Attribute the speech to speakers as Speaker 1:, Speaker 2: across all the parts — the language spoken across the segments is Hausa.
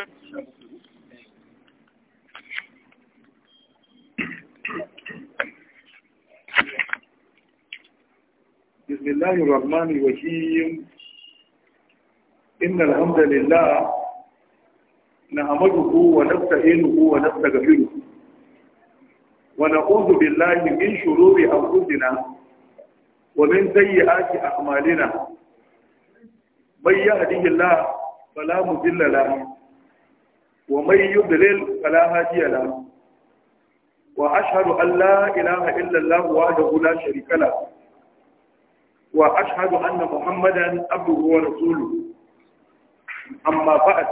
Speaker 1: بسم الله الرحمن الرحيم إن الحمد لله نعمده ونستعينه ونستغفره ونعوذ بالله من شروب أفضنا ومن سيئات أعمالنا من يهده الله فلا مذل له ومن يضلل فلا هادي له وأشهد أن لا إله إلا الله وحده لا شريك له وأشهد أن محمدا عبده ورسوله أما بعد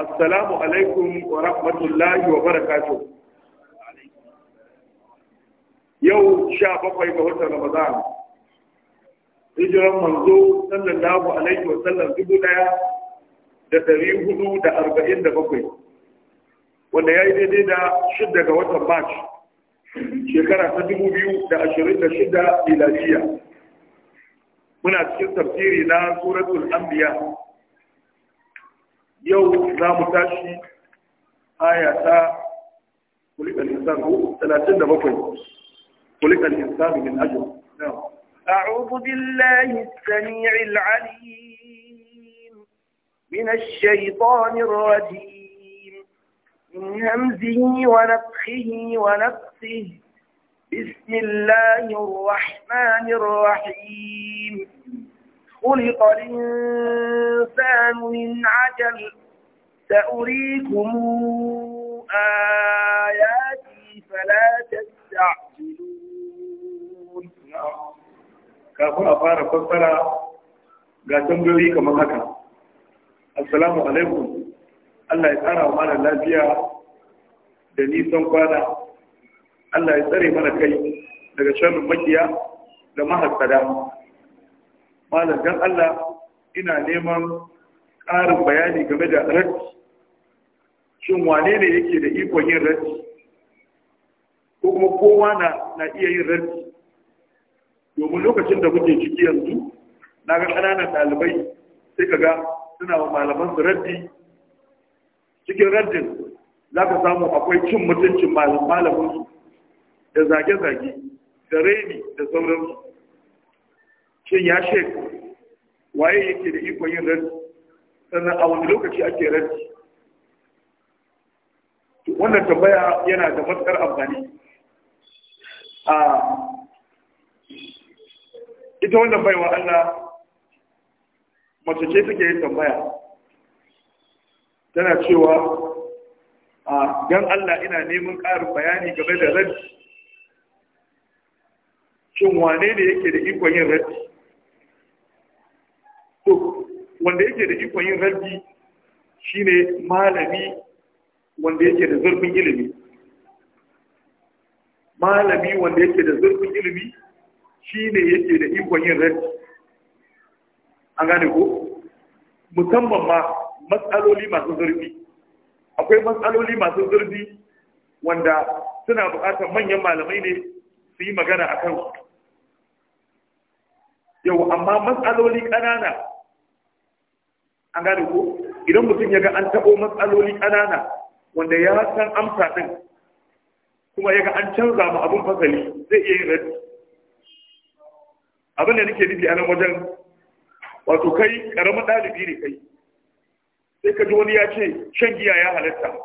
Speaker 1: السلام عليكم ورحمة الله وبركاته يوم شعب في بهوت رمضان hijiran manzo sallallahu alaihi wa sallam dubu daya da ɗari hudu da arba'in da bakwai wanda ya yi daidai da shidda ga watan march shekara ta dubu biyu da ashirin da shida miladiya muna cikin tafsiri na suratul anbiya yau za mu tashi aya ta kulikan insan talatin da bakwai kulikan insan min ajiyar
Speaker 2: أعوذ بالله السميع العليم من الشيطان الرجيم من همزه ونفخه ونفسه بسم الله الرحمن الرحيم خلق الإنسان من عجل سأريكم آياتي فلا تستعجلون
Speaker 1: نعم. كفر أفارة فسرة ga tambayoyi kamar assalamu alaikum Allah ya tsara wa mana lafiya da nisan kwana Allah ya tsare mana kai daga sharrin makiya da mahasada malam dan Allah ina neman ƙarin bayani game da rati shin wane ne yake da ikon yin rati ko kuma kowa na iya yin rati domin lokacin da kuke ciki yanzu na ga ƙananan ɗalibai sai ka ga suna wa malaman su raddi cikin raddin za ka samu akwai cin mutuncin malamin su da zage-zage da raini da sauransu shin ya shek waye yake da ikon yin raddi sannan a wani lokaci ake raddi wannan tambaya yana da matukar amfani ita wannan baiwa Allah mace ce take yin tambaya tana cewa a don Allah ina neman ƙarin bayani game da raddi shin wane ne yake da ikon yin raddi to wanda yake da ikon yin raddi shine malami wanda yake da zurfin ilimi malami wanda yake da zurfin ilimi shine yake da ikon yin raddi an gane ko musamman ma matsaloli masu zurfi akwai matsaloli masu zurfi wanda suna buƙatar manyan malamai ne su yi magana a kansu yau amma matsaloli ƙanana an gane ko idan mutum ya ga an taɓo matsaloli ƙanana wanda ya san amsa din, kuma ya ga an canza mu abin fasali zai iya yin radi abin da nake nufi a nan wajen wato kai karamin ɗalibi ne kai sai ka ji wani ya ce shan giya ya halatta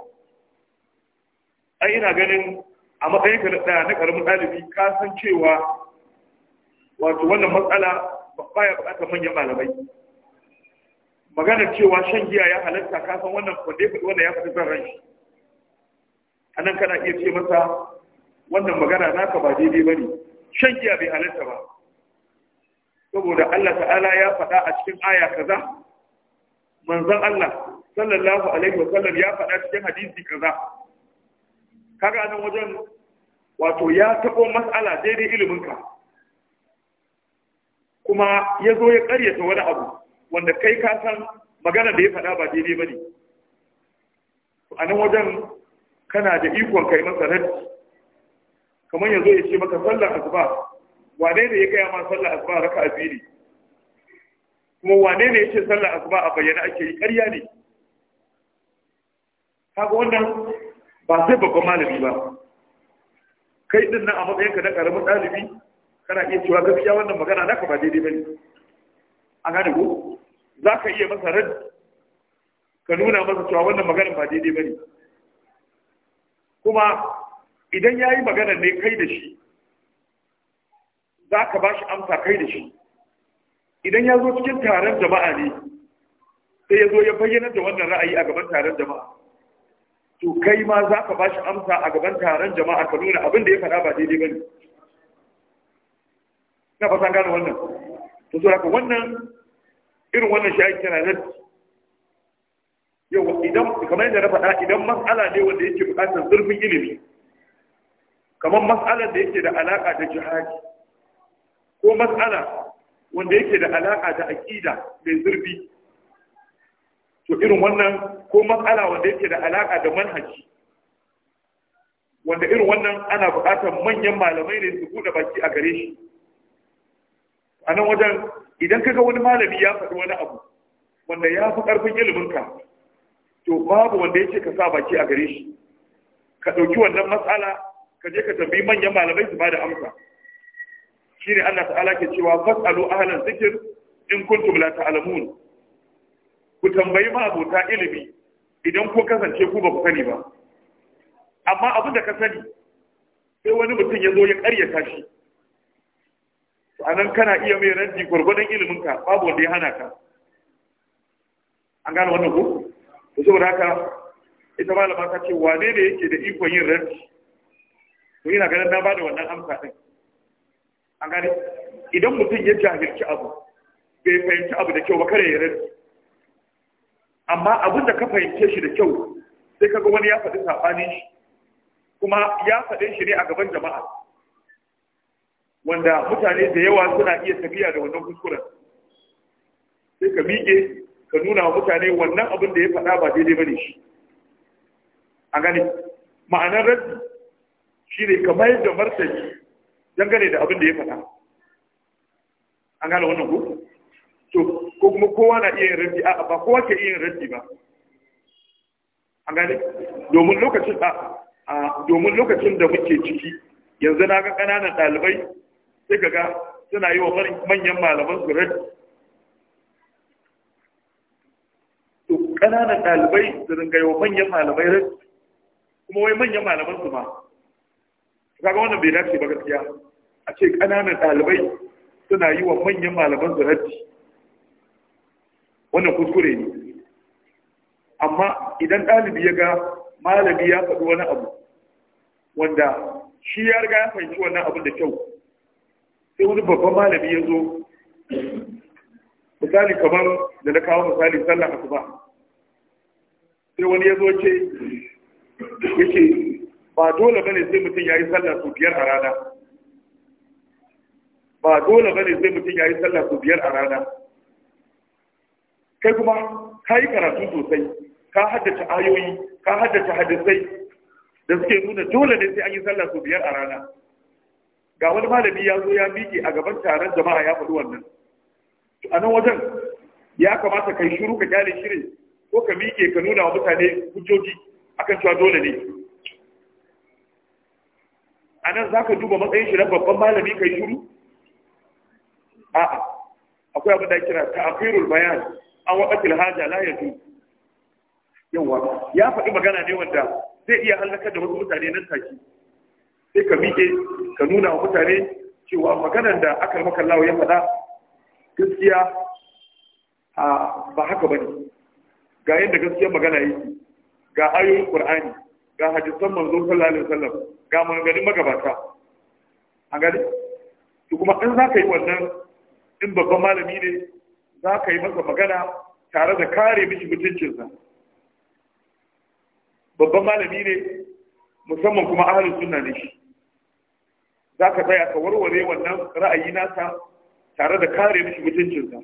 Speaker 1: ai ina ganin a matsayin ka na karamin ɗalibi ka san cewa wato wannan matsala ba ya buƙatar manyan malamai Magana cewa shan giya ya halatta ka san wannan wanda ya wanda ya faɗi zan ranshi a nan kana iya ce masa wannan magana naka ba daidai ba ne shan giya bai halatta ba saboda Allah ta'ala ya faɗa a cikin aya kaza manzon Allah sallallahu alaihi wasallam ya faɗa cikin hadisi kaza kaga nan wajen wato ya taɓo mas'ala daidai ka kuma ya zo ya ƙaryata wani abu wanda kai ka san magana da ya faɗa ba daidai ba ne a nan wajen kana da ikon kai masa raddi kamar yanzu ya ce maka sallar asuba wane ne ya gaya ma sallar asuba a raka a biyu kuma wane ne ya ce sallar asuba a bayyana ake yi ƙarya ne kaga wannan ba sai babban malami ba kai din nan a matsayinka na ƙaramin ɗalibi kana iya cewa gaskiya wannan magana naka ba daidai ba ne a gane ko za ka iya masa rad ka nuna masa cewa wannan maganar ba daidai ba ne kuma idan ya yi maganar ne kai da shi za ka ba shi amsa kai da shi idan ya zo cikin taron jama'a ne sai ya zo ya bayyana da wannan ra'ayi a gaban taron jama'a to kai ma za ka ba shi amsa a gaban taron jama'a ka nuna abin da ya faɗa ba daidai ba ne na fasa gane wannan to so haka wannan irin wannan shi ake kira raddi yau idan kamar yadda na faɗa idan mas'ala ne wanda yake buƙatar zurfin ilimi kamar mas'alar da yake da alaƙa da jihadi ko mas'ala wanda yake da alaƙa da aƙida mai zurfi to irin wannan ko matsala wanda yake da alaƙa da manhaji wanda irin wannan ana buƙatar manyan malamai ne su buɗe baki a gare shi a nan wajen idan kaga wani malami ya faɗi wani abu wanda ya fi ƙarfin iliminka to babu wanda yake ka sa baki a gare shi ka ɗauki wannan matsala ka je ka tambayi manyan malamai su ba da amsa shine Allah ta'ala ke cewa fasalu ahlan zikr in kuntum la ta'lamun ku tambayi ma abota ilimi idan ku kasance ku ba ku sani ba amma abin da ka sani sai wani mutum ya zo ya karyata shi a kana iya mai raddi gwargwadon iliminka babu wanda ya hana ka an gane wannan ko to saboda haka ita malama ta ce wane ne yake da ikon yin raddi to ina ganin na bada wannan amsa din idan mutum ya jahilci abu bai fahimci abu da kyau ba kare ya rarki amma abin da ka fahimce shi da kyau sai kaga wani ya faɗi saɓanin shi kuma ya faɗe shi ne a gaban jama'a wanda mutane da yawa suna iya tafiya da wannan kuskuren sai ka miƙe ka nuna wa mutane wannan abin da ya faɗa ba daidai ba ne shi a gani ma'anar raddi shi ne ka mayar da martani dangane da abin da ya faɗa an gane wannan ko to ko kuma kowa na iya yin raddi a ba kowa ke iya yin raddi ba an gane domin lokacin da domin lokacin da muke ciki yanzu na ga ƙananan ɗalibai sai ka ga suna yi wa manyan malaman su raddi to ƙananan ɗalibai su ringa yi wa manyan malamai raddi kuma wai manyan malaman su ma kaga wannan bai dace ba gaskiya a ce ƙananan ɗalibai suna yi wa manyan malaman su raddi wannan kuskure ne amma idan ɗalibi ya ga malami ya faɗi wani abu wanda shi ya riga ya fahimci wannan abin da kyau sai wani babban malami ya zo misali kamar da na kawo misali sallah asuba sai wani ya zo ce yake ba dole bane sai mutum yayi sallah su biyar a rana ba dole bane sai mutum yayi sallah su biyar a rana kai kuma ka yi karatu sosai ka haddace ayoyi ka haddace hadisai da suke nuna dole ne sai an yi sallah su biyar a rana ga wani malami ya zo ya miƙe a gaban taron jama'a ya faɗi wannan a nan wajen ya kamata kai shiru ka kyale shirin ko ka miƙe ka nuna wa mutane hujjoji akan cewa dole ne a nan za ka duba matsayin shi na babban malami kai shuru a akwai abin da kira ta akhirul bayan an waƙatil haja la ya yawa ya faɗi magana ne wanda zai iya halakar da wasu mutane nan take sai ka miƙe ka nuna wa mutane cewa maganar da aka maka lawa ya faɗa gaskiya ba haka bane ga yadda gaskiyar magana yake ga ayoyin qur'ani ga hadisan manzon sallallahu alaihi wasallam ga maganganun magabata an gani to kuma in za ka yi wannan in babban malami ne za ka yi masa magana tare da kare mishi mutuncinsa babban malami ne musamman kuma ahalin sunna ne shi za ka tsaya ka warware wannan ra'ayi nasa tare da kare mishi mutuncinsa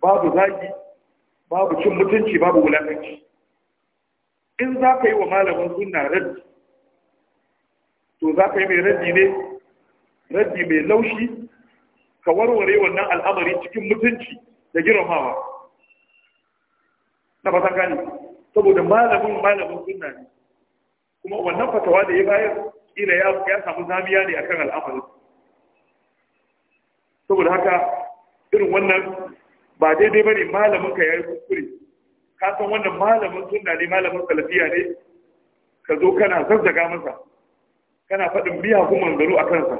Speaker 1: babu zagi babu cin mutunci babu wulakanci in za ka yi wa malamin sunna raddi to za ka yi mai raddi ne raddi mai laushi ka warware wannan al'amari cikin mutunci da girmamawa na san gani saboda malamin malamin sunna ne kuma wannan fatawa da ya bayar ila ya samu zamiya ne akan al'amarin saboda haka irin wannan ba daidai bane malamin ka yayi kuskure ka san wannan malamin sunna ne malamin salafiya ne ka zo kana zazzaga masa kana faɗin biya ku a kansa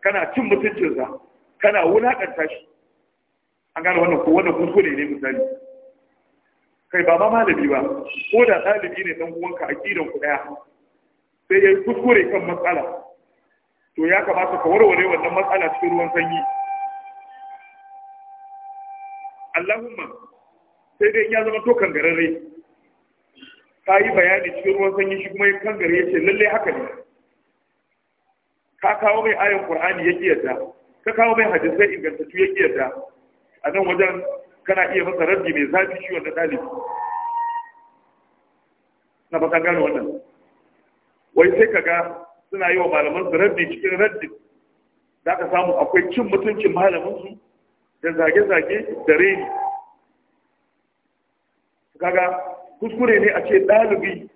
Speaker 1: kana cin mutuncinsa kana wulaƙanta shi an gane wannan ko wannan kuskure ne misali kai ba ma malami ba ko da ɗalibi ne dan uwanka aqidan ku ɗaya? sai yayi kuskure kan matsala to ya kamata ka warware wannan matsala cikin ruwan sanyi Allahumma sai dai ya zama to kangararre ka yi bayani cikin ruwan sanyi shi kuma ya kangare ya ce lallai haka ne ka kawo mai ayin qur'ani ya kiyarta ka kawo mai hadisai ingantattu ya kiyarta a nan wajen kana iya masa rabbi mai zafi shi wannan dalibi na fatan gane wannan wai sai ka ga suna yi wa malaman su rabbi cikin raddi za ka samu akwai cin mutuncin malamin su da zage-zage da reni kaga kuskure ne a ce ɗalibi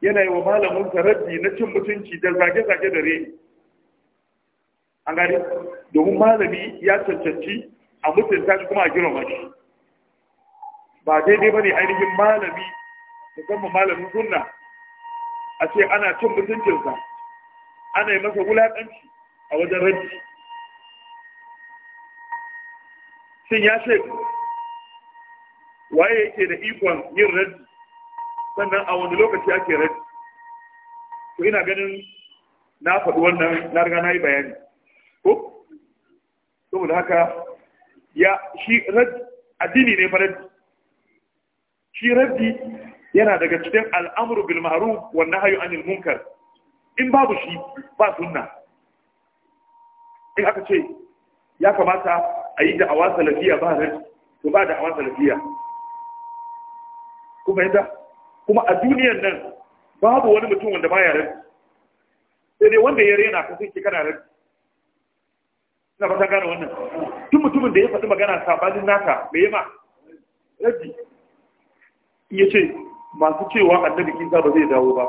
Speaker 1: yana yi wa malamin raddi na cin mutunci da zage-zage da re an gari domin malami ya cancanci a mutunta shi kuma a girma shi ba daidai ba ne ainihin malami musamman malamin sunna a ce ana cin mutuncinsa ana yi masa wulaƙanci a wajen raddi shin ya shaidu waye yake da ikon yin raddi sannan a wani lokaci ake raddi to ina ganin na faɗi wannan na riga na yi bayani ko saboda haka ya shi raddi addini ne fa raddi shi raddi yana daga cikin al'amuru bil ma'ruf wa nahyu anil munkar in babu shi ba sunna in aka ce ya kamata a yi da da'awa salafiya ba raddi to ba da da'awa salafiya kuma yadda kuma a duniyar nan babu wani mutum wanda baya rabi sai dai wanda ya rena ka sai kana rabi ina fata gane wannan Tun mutumin da ya faɗi magana sabanin naka mai yama rabi ya ce masu cewa annabi Isa ba zai dawo ba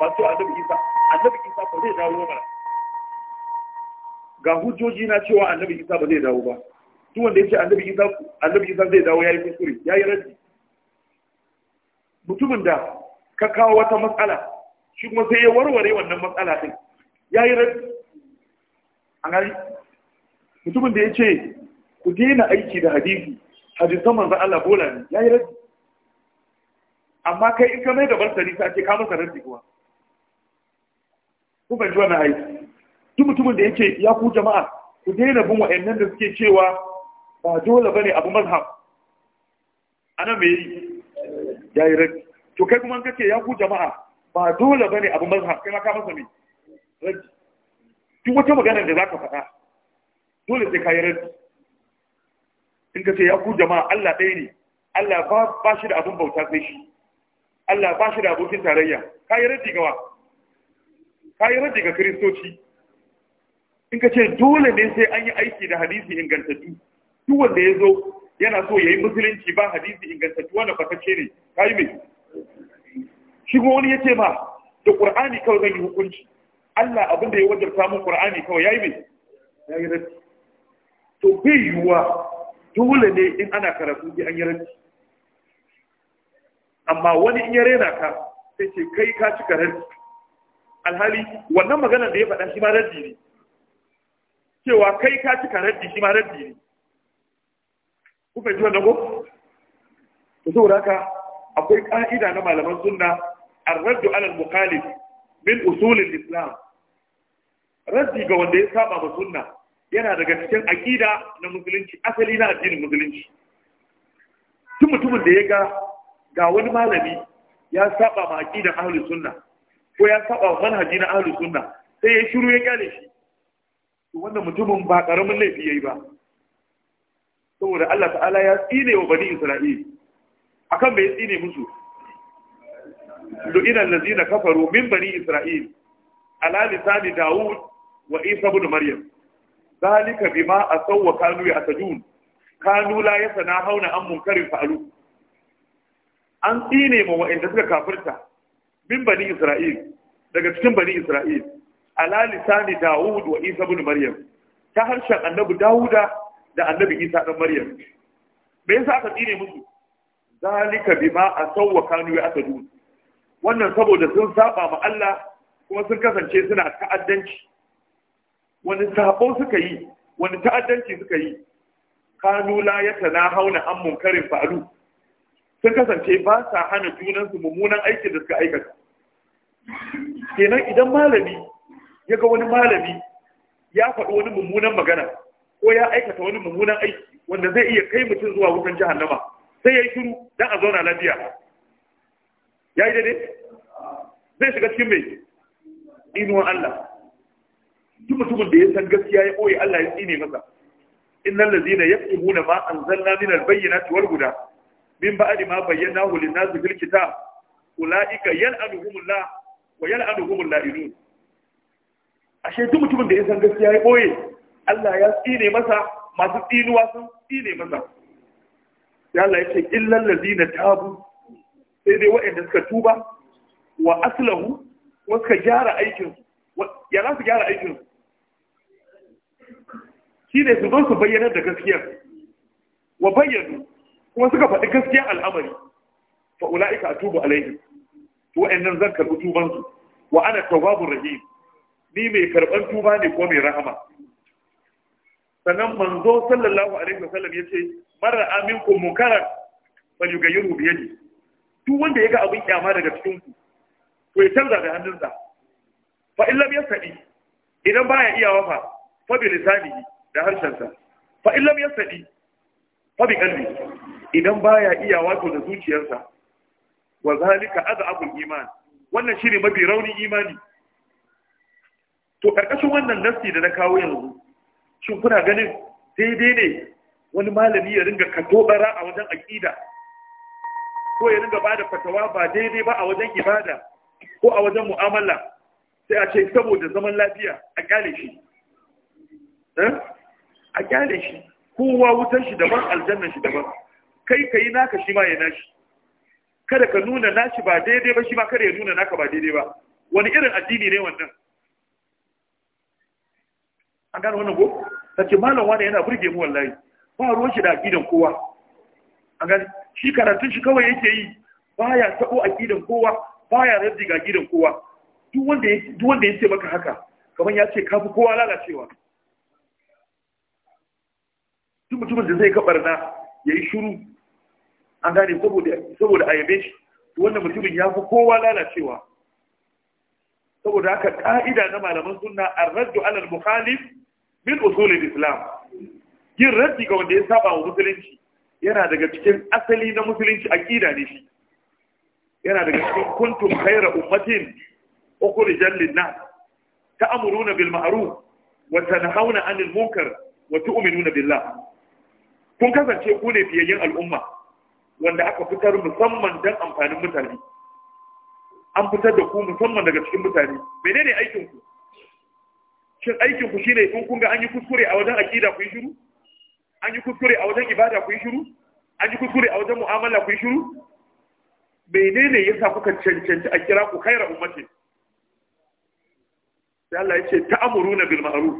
Speaker 1: masu cewa annabi Isa annabi Isa ba zai dawo ba ga hujjoji na cewa annabi Isa ba zai dawo ba duk wanda ya ce annabi Isa annabi Isa zai dawo ya yi kuskure ya yi rabi mutumin da ka kawo wata matsala shi kuma sai ya warware wannan matsala din ya yi rai a gari mutumin da ya ce ku daina aiki da hadisi hadisan manzan Allah bola ne ya yi rai amma kai in ka mai da martani ta ce ka masa rabi kuwa ku ban ji wannan aiki duk mutumin da ya ce ya ku jama'a ku daina bin wa'annan da suke cewa ba dole bane abu mazhab ana me yi ya yi to kai kuma kace ya ku jama'a ba dole bane abu mazhab kai ka masa me raddi duk wata magana da zaka faɗa dole sai ka yi in kace ya ku jama'a Allah ɗaya ne Allah ba ba shi da abun bauta sai shi Allah ba shi da abokin tarayya ka yi raddi gawa ka yi ga kristoci in ka ce dole ne sai an yi aiki da hadisi ingantattu duk wanda ya zo yana so ya yi musulunci ba hadisi ingantattu ta fatacce ne ka yi mai shi kuma wani ya ce ma da ƙur'ani kawai zan yi hukunci Allah abin da ya wajarta samun ƙur'ani kawai ya yi mai ya yi rabi to bai yiwuwa dole ne in ana karatu bi an yi rabi amma wani in ya rena ka sai ce kai ka cika rabi alhali wannan maganar da ya faɗa shi ma raddi ne cewa kai ka cika raddi shi ma raddi ne ku fahimci wannan ko to saboda haka akwai ka'ida na malaman sunna ar-raddu 'ala al-mukhalif min usul al-islam raddi ga wanda ya saba ba sunna yana daga cikin aqida na musulunci asali na addinin musulunci tun mutumin da ya ga ga wani malami ya saba ma aqidan ahli sunna ko ya saba wa manhaji na ahli sunna sai ya shiru ya kyale shi to wannan mutumin ba karamin laifi yayi ba saboda Allah ta'ala ya tsine wa bani Isra'il akan bai tsine musu ina allazina kafaru min bani Isra'il ala lisani Dawud wa Isa ibn Maryam zalika bima asawwa kanu ya ya'tadun kanu la yasana hauna an munkarin fa'alu an tsine wa wa'anda suka kafirta min bani Isra'il daga cikin bani Isra'il ala lisani Dawud wa Isa ibn Maryam ta harshen annabi Dawuda da annabi isa dan maryam me yasa aka tsine musu zalika bima sauwa kanu Asadu. wannan saboda sun saba ma Allah kuma sun kasance suna ta'addanci wani sabo suka yi wani ta'addanci suka yi kanu la na an munkarin fa'alu sun kasance ba sa hana junansu mummunan aikin da suka aikata kenan idan malami ya ga wani malami ya faɗi wani mummunan magana ko ya aikata wani mummunan aiki wanda zai iya kai mutum zuwa wutan jahannama sai ya yi shiru don a zauna lafiya ya yi daidai zai shiga cikin mai inuwan Allah duk mutumin da ya san gaskiya ya ɓoye Allah ya tsine masa innal ladzina yaqimuna ma anzalna min al tuwar guda huda min ba'di ma bayyanahu lin-nasi fil kitab ulaika yal'anuhumullah wa yal'anuhumul la'inun ashe duk mutumin da ya san gaskiya ya ɓoye Allah ya tsine masa masu tsinuwa sun tsine masa ya Allah ya ce illal na tabu sai dai waɗanda suka tuba wa aslahu wa suka gyara aikin ya za su gyara aikin shi ne su zo su bayyana da gaskiya wa bayyanu kuma suka faɗi gaskiyar al'amari fa ula'ika tubu alaihim to wa'annan zan karɓi tubansu wa ana tawwabur rahim ni mai karɓan tuba ne ko mai rahama sannan manzo sallallahu alaihi wasallam yace mara aminkum munkaran falyughayyirhu bi yadi duk wanda yaga abin kyama daga cikin ku to ya canza da hannunsa fa illa lam yasadi idan baya iya wafa fa bi lisanihi da harshensa fa illa lam yasadi fa bi qalbi idan baya iya wato da zuciyarsa wa zalika adabul iman wannan shine mafi rauni imani to karkashin wannan nasi da na kawo yanzu shin kuna ganin daidai ne wani malami ya ringa bara a wajen aƙida ko ya ringa bada fatawa ba daidai ba a wajen ibada ko a wajen mu'amala sai a ce saboda zaman lafiya a kyale shi eh? a kyale shi kowa wutar shi daban aljannan shi daban kai kai naka shi ma ya nashi kada ka nuna nashi ba daidai ba shi ma kada ya nuna naka ba daidai ba wani irin addini ne wannan an gano wannan ko ta ce malam wani yana burge mu wallahi ba ruwan shi da akidan kowa an gani shi karatun shi kawai yake yi baya taɓo akidan kowa baya raddi ga akidan kowa duk wanda ya duk wanda ya ce maka haka kamar ya ce kafi kowa lalacewa duk mutumin da zai kabar na yayi shiru an gane saboda saboda ayabe shi wanda mutumin ya fi kowa lalacewa saboda haka ka'ida na malaman sunna ar-raddu 'ala al-mukhalif min usulul islam yin raddi ga wanda ya saba wa musulunci yana daga cikin asali na musulunci aqida ne shi yana daga cikin kuntum khayra ummatin ukhrijat lin-nas ta'muruna bil ma'ruf wa tanhauna 'anil munkar wa tu'minuna billah kun kasance ku ne fiyayyen al'umma wanda aka fitar musamman dan amfanin mutane an fitar da ku musamman daga cikin mutane menene aikin ku shin aikin ku shine kun kun ga an yi kuskure a wajen akida ku yi shiru an yi kuskure a wajen ibada ku yi shiru an yi kuskure a wajen mu'amala ku yi shiru menene yasa kuka cancanci a kira ku khaira ummati sai Allah ya ce ta'muruna bil ma'ruf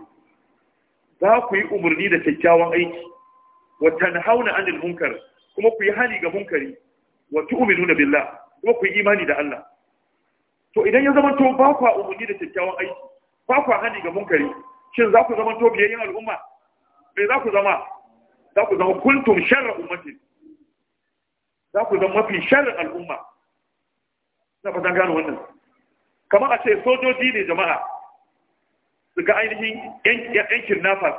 Speaker 1: za ku yi umarni da kyakkyawan aiki wa tanhauna 'anil munkar kuma ku yi hali ga munkari wa tu'minuna billah kuma ku yi imani da Allah to idan ya zama to ba ku umarni da kyakkyawan aiki ba ku hani ga munkari shin za ku zama to biyayyen al'umma me za ku zama za ku zama kuntum sharra ummati za ku zama mafi sharrin al'umma na fatan gano wannan kamar a ce sojoji ne jama'a su ga ainihin yan kidnappers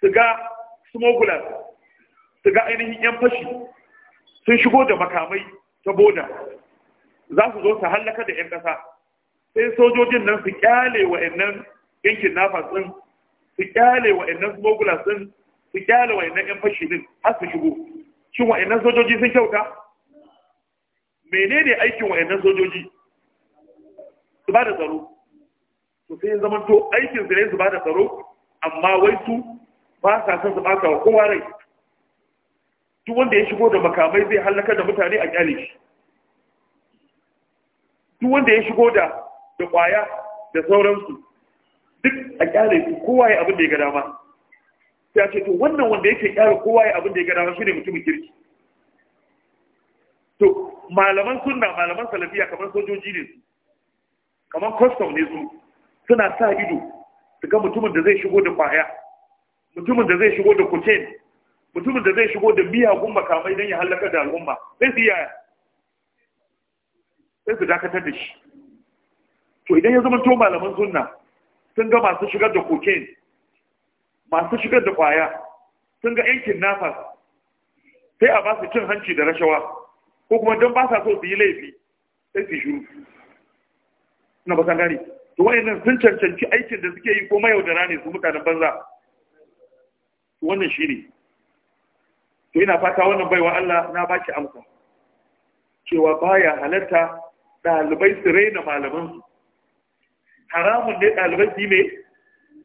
Speaker 1: su ga smugglers su ga ainihin yan fashi sun shigo da makamai ta boda za su zo su hallaka da yan ƙasa sai sojojin nan su kyale wa'annan yankin nafas din su kyale wa'annan smogula din su kyale wa'annan yan fashi din har su shigo shin wa'annan sojoji sun kyauta menene aikin wa'annan sojoji su ba da tsaro Su sai zaman to aikin su ne su ba da tsaro amma wai su ba sa son su ɓata wa kowa rai duk wanda ya shigo da makamai zai hallaka da mutane a kyale shi duk wanda ya shigo da da kwaya da sauransu duk a kyale su kowa ya abin da ya ga dama sai a ce to wannan wanda yake kyale kowa ya abin da ya ga dama shine mutumin kirki to malaman sunna malaman salafiya kamar sojoji ne su kamar custom ne su suna sa ido su ga mutumin da zai shigo da kwaya mutumin da zai shigo da kucin mutumin da zai shigo da miyagun makamai don ya hallaka da al'umma sai su yaya sai su dakatar da shi to idan ya zama to malaman sunna sun ga masu shigar da cocaine masu shigar da kwaya sun ga yankin nafas sai a ba su cin hanci da rashawa ko kuma don ba sa so su yi laifi sai su shuru na basan gane to wayannan sun cancanci aikin da suke yi ko mayaudara ne su mutanen banza wannan shi ne to ina fata wannan baiwa Allah na baki amsa cewa baya halarta ɗalibai su raina malamansu haramun ne ɗaliban shi mai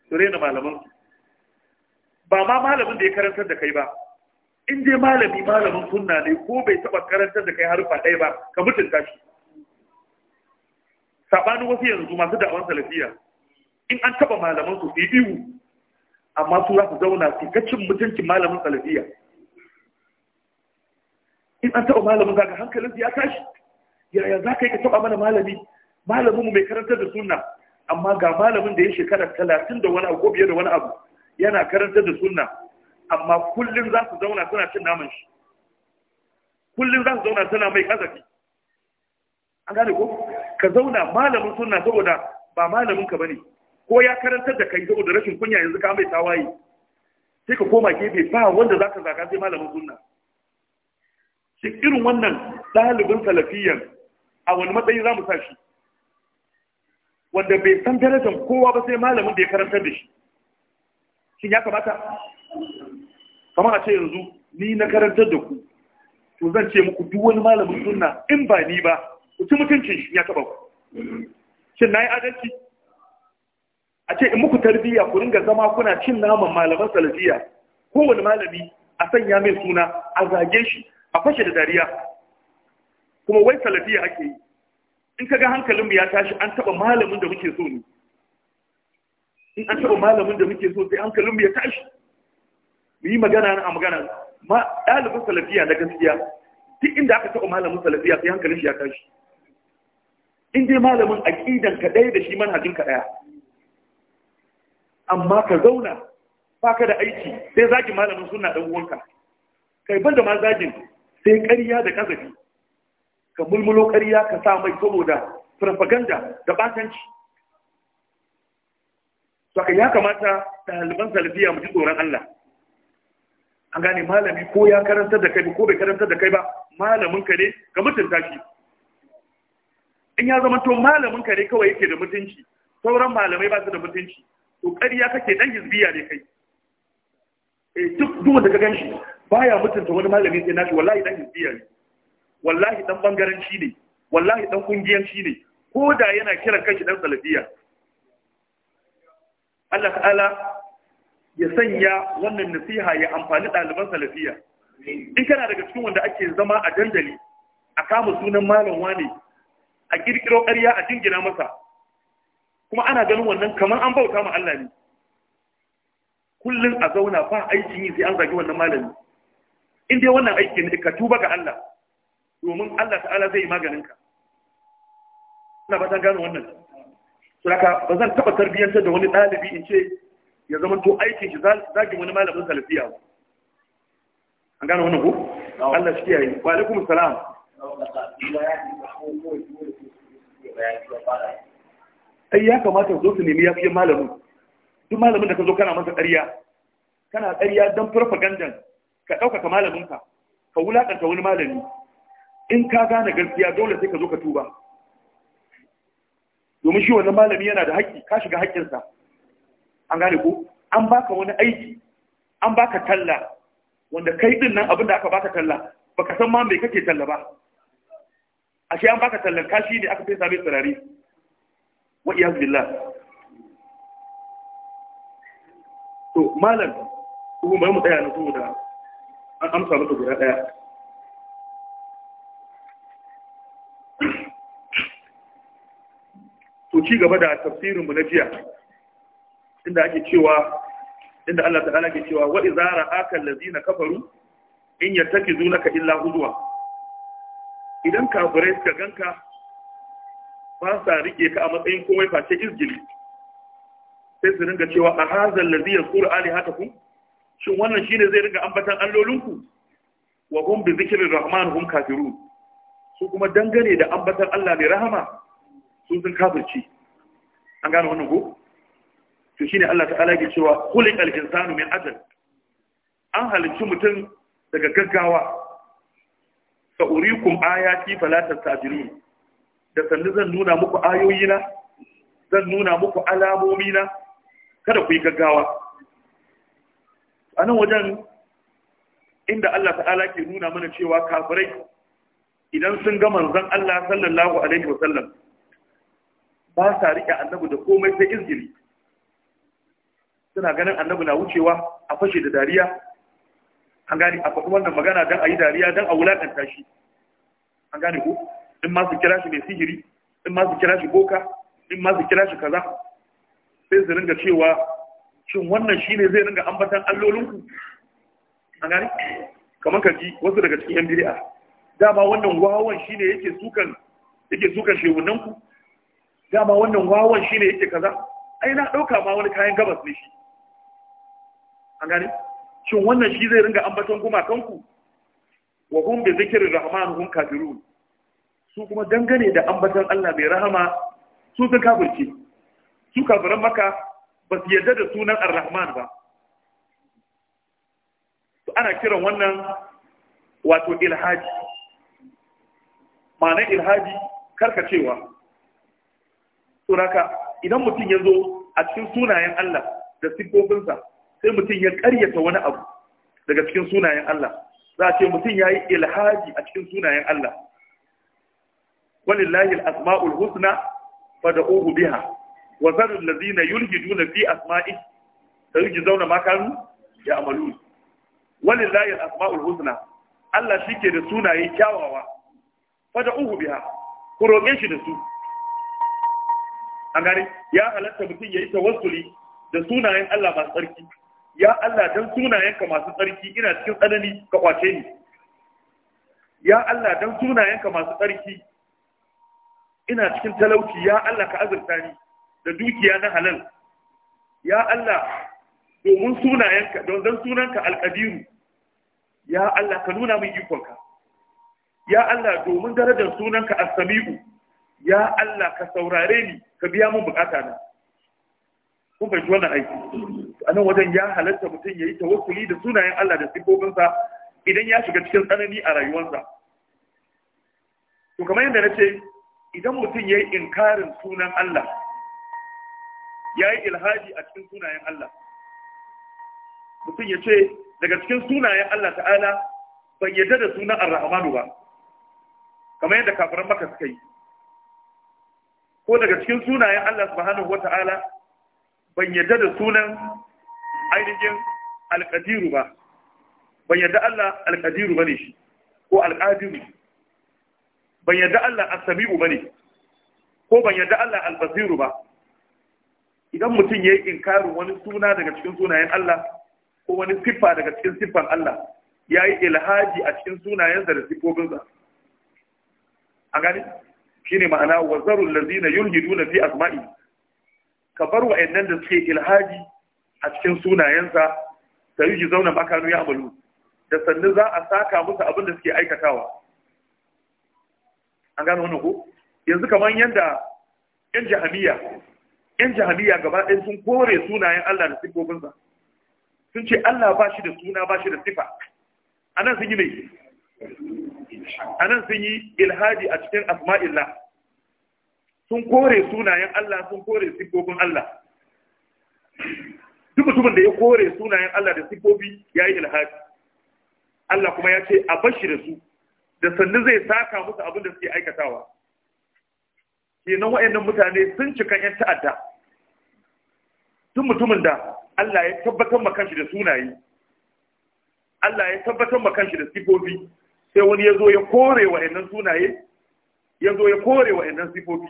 Speaker 1: su rena malaman su ba ma malamin da ya karantar da kai ba in je malami malamin sunna ne ko bai taɓa karantar da kai har ɗaya ba ka mutunta shi saɓanin wasu yanzu masu da'awar salafiya in an taɓa malaman su su biyu amma su za su zauna su ta cin mutuncin malamin salafiya in an taɓa malamin kaga hankalin ya tashi yaya za ka yi ka taɓa mana malami malamin mu mai karantar da sunna amma ga malamin da ya shekara talatin da wani abu ko biyar da wani abu yana karanta da sunna amma kullum za su zauna suna cin naman shi kullum za su zauna suna mai kazafi an gane ko ka zauna malamin sunna saboda ba malamin ka bane ko ya karantar da kai saboda rashin kunya yanzu ka mai tawaye sai ka koma gefe ba wanda za ka zaka sai malamin sunna shi irin wannan ɗalibin salafiyan a wani matsayi za mu sa shi wanda bai san darajar kowa ba sai malamin da ya karantar da shi shin ya kamata kamar a ce yanzu ni na karantar da ku to zan ce muku duk wani malamin sunna in ba ni ba ku ci mutuncin shi ya taba ku shin na yi adalci a ce in muku tarbiyya ku ringa zama kuna cin naman malaman salafiya kowane malami a sanya mai suna a zage shi a fashe da dariya kuma wai salafiya ake yi in kaga mu ya tashi an taba malamin da muke so ne in an taba malamin da muke so sai hankalin mu ya tashi mu yi magana na a magana ma ɗalibin salafiya na gaskiya duk inda aka taba malamin salafiya sai hankalin shi ya tashi in dai malamin aqidan ka dai da shi manhajin ka daya amma ka zauna baka da aiki sai zagi malamin sunna dan uwanka kai banda ma zagin sai ƙarya da kasafi ka mulmulo kariya ka sa mai saboda farfaganda da batanci saka ya kamata ɗaliban salafiya mu ji tsoron Allah an gane malami ko ya karanta da kai ko bai karanta da kai ba malamin ka ne ga mutunta shi in ya zama to malamin ka ne kawai yake da mutunci sauran malamai ba su da mutunci to ƙarya kake dan hizbiya ne kai eh duk duk wanda ka ganshi baya mutunta wani malami sai nashi wallahi dan hizbiya ne wallahi dan bangaranci ne wallahi dan kungiyanci ne ko da yana kiran kanshi dan salafiya Allah ta'ala ya sanya wannan nasiha ya amfani ɗaliban salafiya in kana daga cikin wanda ake zama a dandali a kama sunan malam wane a kirkiro ƙarya a jingina masa kuma ana ganin wannan kamar an bauta ma Allah ne kullum a zauna ba aikin yi sai an zagi wannan malami in dai wannan aiki ne ka tuba ga Allah domin Allah ta'ala zai maganin ka ina ba ta gano wannan saka ba zan taba tarbiyyantar da wani ɗalibi in ce ya zama to aikin shi zagin wani malamin salafiya ba an gano wannan ku? Allah shi kiyaye wa alaikum salam ai ya kamata zo su nemi yafiyan malamin duk malamin da ka zo kana masa ƙarya kana ƙarya don farfagandan ka ɗaukaka malaminka ka wulaƙanta wani malami in ka gane gaskiya dole sai ka zo ka tuba domin shi wannan malami yana da haƙƙi ka shiga haƙƙinsa an gane ko an baka wani aiki an baka talla wanda kai din nan abinda aka baka talla baka san ma me kake talla ba ashe an baka tallan kashi ne aka fesa mai tsirari wa iyaz billah to malam kuma mu tsaya na saboda an amsa masa guda daya Ku ci gaba da tafsirin mu na jiya inda ake cewa inda Allah ta'ala ke cewa wa izara ra'aka lazina kafaru in ka illa hudwa idan kafirai suka ganka ba sa rike ka a matsayin komai face izgili sai su ringa cewa a hazal ladhi haka alihatakum shin wannan shine zai ringa ambatan allolinku wa hum bi dhikri rahman hum kafirun su kuma dangane da ambatan Allah ne rahama sun sun kafirci an gane wannan ko to shine Allah ta'ala ke cewa kulli al-insanu min ajal an halicci mutum daga gaggawa fa urikum ayati fala tastajilun da sannu zan nuna muku ayoyina zan nuna muku alamomina kada ku yi gaggawa anan wajen inda Allah ta'ala ke nuna mana cewa kafirai idan sun ga manzon Allah sallallahu alaihi wasallam ba sa riƙe annabi da komai sai izgiri suna ganin annabi na wucewa a fashe da dariya an gane a faɗi wannan magana don a yi dariya don a wulaƙanta shi an gane ko in ma su kira shi mai sihiri in ma su kira shi boka in ma su kira shi kaza sai su ringa cewa shin wannan shi ne zai ringa ambatan allolinku an gane kamar ka ji wasu daga cikin yan bid'a dama wannan wawan shi ne yake sukan yake sukan shehunanku dama wannan wawan shine yake kaza ai na dauka ma wani kayan gabas ne shi an gane shin wannan shi zai ringa ambaton gumakan ku wa hum bi zikri rahman hum kafirun su kuma dangane da ambaton Allah mai rahama su sun kafirce su kafiran maka ba su yarda da sunan ar-rahman ba to ana kiran wannan wato ilhaji ma'ana ilhaji karkacewa suraka idan mutum ya zo a cikin sunayen Allah da sifofinsa sai mutum ya karyata wani abu daga cikin sunayen Allah za a ce mutum ya yi ilhaji a cikin sunayen Allah walillahi al-asma'ul husna ohu biha wa na yulgi duna fi asma'i zauna makaru ya amalu walillahi al’asma’ul asmaul husna Allah shi ke da sunaye kyawawa ohu biha ku roƙe shi da su an gari ya halatta mutum ya yi tawassuli da sunayen Allah masu tsarki ya Allah dan sunayenka masu tsarki ina cikin tsanani ka kwace ni ya Allah dan sunayenka masu tsarki ina cikin talauci ya Allah ka azurta ni da dukiya na halal ya Allah domin sunayenka don dan sunanka alqadiru ya Allah ka nuna min ikonka ya Allah domin darajar sunanka as-sami'u ya Allah ka saurare ni ka biya mun bukata na kun fahimci wannan aiki a nan wajen ya halatta mutum ya yi tawakkuli da sunayen Allah da sifofinsa idan ya shiga cikin tsanani a rayuwarsa to kamar yadda na ce idan mutum ya yi inkarin sunan Allah ya yi ilhaji a cikin sunayen Allah mutum ya ce daga cikin sunayen Allah ta'ala ban yadda da sunan ar-rahmanu ba kamar yadda kafiran maka suka yi ko daga cikin sunayen Allah subhanahu wata'ala ban yadda da sunan ainihin alƙadiru ba ban yadda Allah alƙadiru bane shi ko alƙadiru ban yadda Allah as-sami'u bane ko ban yadda Allah al-basiru ba idan mutum yayi inkarin wani suna daga cikin sunayen Allah ko wani siffa daga cikin siffan Allah yayi ilhaji a cikin sunayen da gaza. a gani shine ma'ana wa zarul ladina yulhiduna fi asma'i ka bar wa wa'annan da suke ilhadi a cikin sunayensa ta yi zauna makanu ya amalu da sannu za a saka musu abin da suke aikatawa an gano wannan ko yanzu kamar yanda yan jahamiya yan jahamiya gaba ɗaya sun kore sunayen Allah da sifofinsa sun ce Allah ba shi da suna ba shi da sifa anan sun yi mai anan sun yi ilhadi a cikin asma'illah sun kore sunayen Allah sun kore sifofin Allah duk mutumin da ya kore sunayen Allah da sifofi ya yi ilhadi Allah kuma ya ce a bashi da su da sannu zai saka musu abin da suke aikatawa kenan wa'annan mutane sun cika 'yan ta'adda tun mutumin da Allah ya tabbatar ma kanshi da sunaye Allah ya tabbatar ma kanshi da sifofi sai wani ya zo ya kore wa wa'annan sunaye ya zo ya kore wa wa'annan sifofi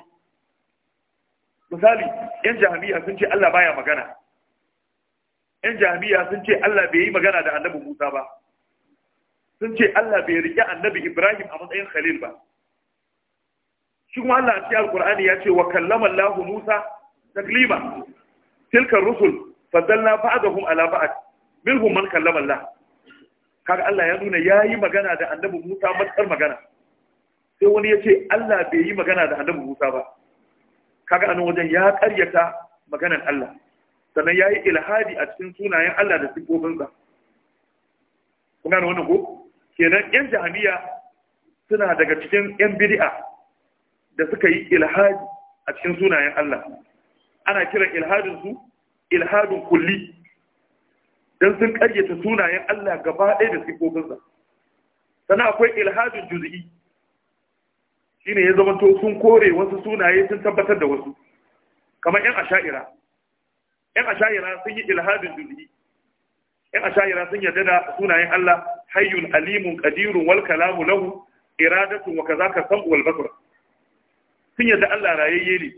Speaker 1: misali yan jahamiya sun ce Allah baya magana yan jahamiya sun ce Allah bai yi magana da annabi Musa ba sun ce Allah bai riƙe annabi Ibrahim a matsayin Khalil ba shi kuma Allah a cikin Alƙur'ani ya ce wa kallama Allah Musa taklima tilka rusul fadalla ba'dahum ala ba'd minhum man kallama Allah kaga Allah ya nuna ya yi magana da annabi Musa matsar magana sai wani ya ce Allah bai yi magana da annabi Musa ba kaga anan wajen ya karyata maganar Allah sannan ya yi ilhadi a cikin sunayen Allah da sifofinsa kuma na wannan ko kenan yan jahaniya suna daga cikin yan bid'a da suka yi ilhadi a cikin sunayen Allah ana kiran ilhadin su ilhadin kulli don sun karyata sunayen Allah gaba ɗaya da sifofinsa Sana akwai ilhadin Shi shine ya zama to sun kore wasu sunaye sun tabbatar da wasu kamar yan asha'ira yan asha'ira sun yi ilhadin juz'i yan asha'ira sun yarda da sunayen Allah hayyun alimun qadirun wal kalamu lahu iradatun wa ka sam'u wal basar sun yarda Allah rayayye ne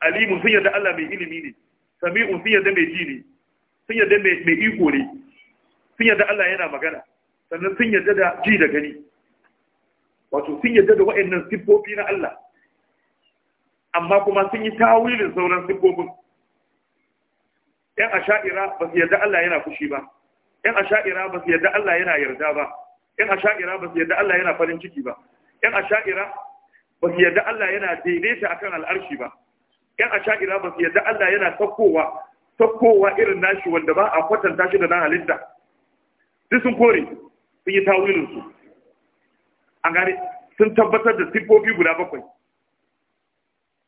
Speaker 1: alimun sun yarda Allah mai ilimi ne sami'un sun yarda mai ji ne sun yarda mai iko ne sun yarda Allah yana magana sannan sun yarda da ji da gani wato sun yarda da wa'annan siffofi na Allah amma kuma sun yi tawilin sauran siffofin yan asha'ira ba su yarda Allah yana fushi ba yan asha'ira ba su yarda Allah yana yarda ba yan asha'ira ba su yarda Allah yana farin ciki ba yan asha'ira ba su yarda Allah yana daidaita akan al'arshi ba yan asha'ira ba su yarda Allah yana sakkowa tokowa irin nashi wanda ba a kwatanta shi da na halitta duk sun kore sun yi tawilinsu an gane sun tabbatar da siffofi guda bakwai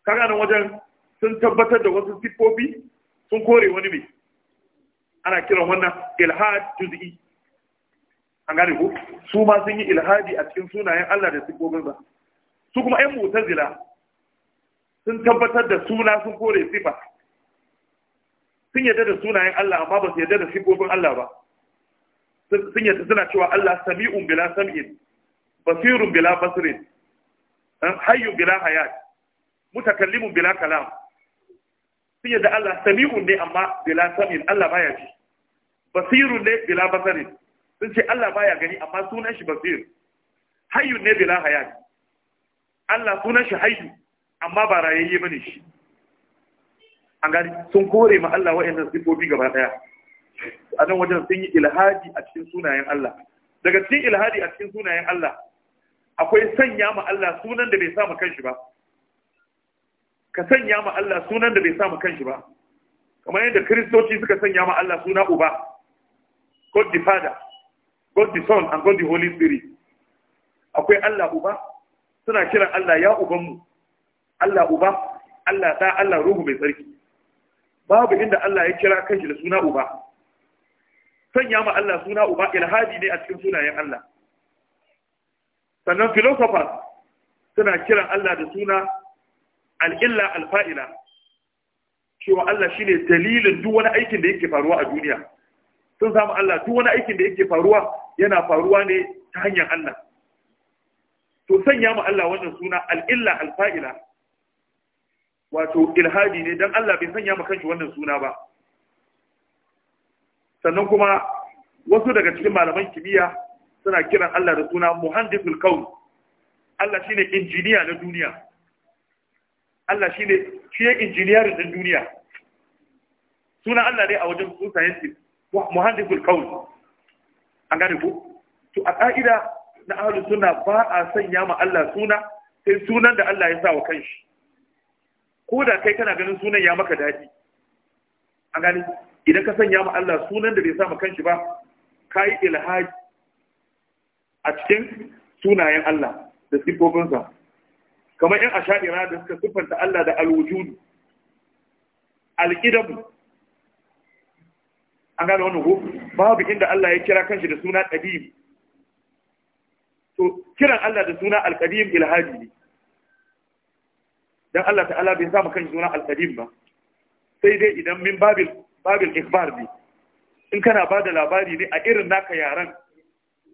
Speaker 1: kaga wajen sun tabbatar da wasu siffofi sun kore wani mai ana kiran wannan ilhad juz'i an gane ko su ma sun yi ilhadi a cikin sunayen Allah da siffofin ba su kuma ƴan mu'tazila sun tabbatar da suna sun kore sifa sun yarda da sunayen Allah amma ba su yarda da sifofin Allah ba sun yarda suna cewa Allah sami'un bila sam'in basirun bila basirin eh, hayyun bila hayat mutakallimun bila kalam sun yarda Allah sami'un ne amma bila sam'in Allah baya ji basirun ne bila basirin sun ce Allah baya gani amma sunan shi basir hayyun ne bila hayat Allah sunan shi hayyu amma ba rayayye bane shi an gani sun kore ma Allah wa'annan sifofi gaba daya a nan wajen sun yi ilhadi a cikin sunayen Allah daga cikin ilhadi a cikin sunayen Allah akwai sanya ma Allah sunan da bai sa kanshi ba ka sanya ma Allah sunan da bai sa kanshi ba kamar yadda kristoci suka sanya ma Allah suna uba God the Father God the Son and God the Holy Spirit akwai Allah uba suna kiran Allah ya ubanmu Allah uba Allah da Allah ruhu mai tsarki babu inda Allah ya kira kanshi da suna uba sanya ma Allah suna uba ilhadi ne a cikin sunayen Allah sannan philosophers suna kiran Allah da suna al'illa alfa'ila cewa Allah shine dalilin duk wani aikin da yake faruwa a duniya sun samu Allah duk wani aikin da yake faruwa yana faruwa ne ta hanyar Allah to sanya ma Allah wannan suna al'illa alfa'ila wato ilhadi ne don Allah bai sanya maka shi wannan suna ba sannan kuma wasu daga cikin malaman kimiyya suna kiran Allah da suna muhandisul kaun Allah shine injiniya na duniya Allah shine shi ne injiniyarin din duniya suna Allah ne a wajen su scientist muhandisul kaun an gane ku to a ka'ida na ahlus sunna ba a sanya ma Allah suna sai sunan da Allah ya sa wa kanshi ko da kai kana ganin sunan ya maka daɗi an gani idan ka sanya ma Allah sunan da bai sa maka kanshi ba kai ilhaji a cikin sunayen Allah da sifofinsa kamar yan asha'ira da suka siffanta Allah da alwujudu alqidamu an gane wannan ko babu inda Allah ya kira kanshi da suna qadim to kiran Allah da suna alqadim ilhaji ne dan Allah ta'ala bai sa mu kan juna al ba sai dai idan min babil babil ikbar ne in kana ba da labari ne a irin naka yaran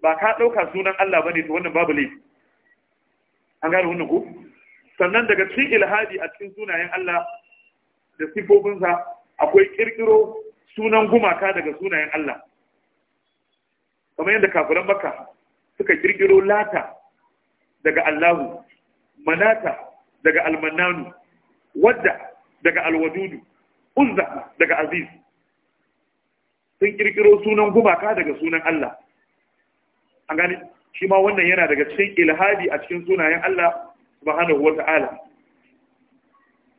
Speaker 1: ba ka ɗauka sunan Allah ba ne to wannan babu laifi an gane wannan ku? sannan daga cikin ilhadi a cikin sunayen Allah da sifofinsa akwai kirkiro sunan gumaka daga sunayen Allah kamar yadda kafiran Makka suka kirkiro lata daga Allahu manata daga almananu wadda daga alwadudu uzza daga aziz sun kirkiro sunan gumaka daga sunan Allah an gani shi ma wannan yana daga cikin ilhadi a cikin sunayen Allah subhanahu wata'ala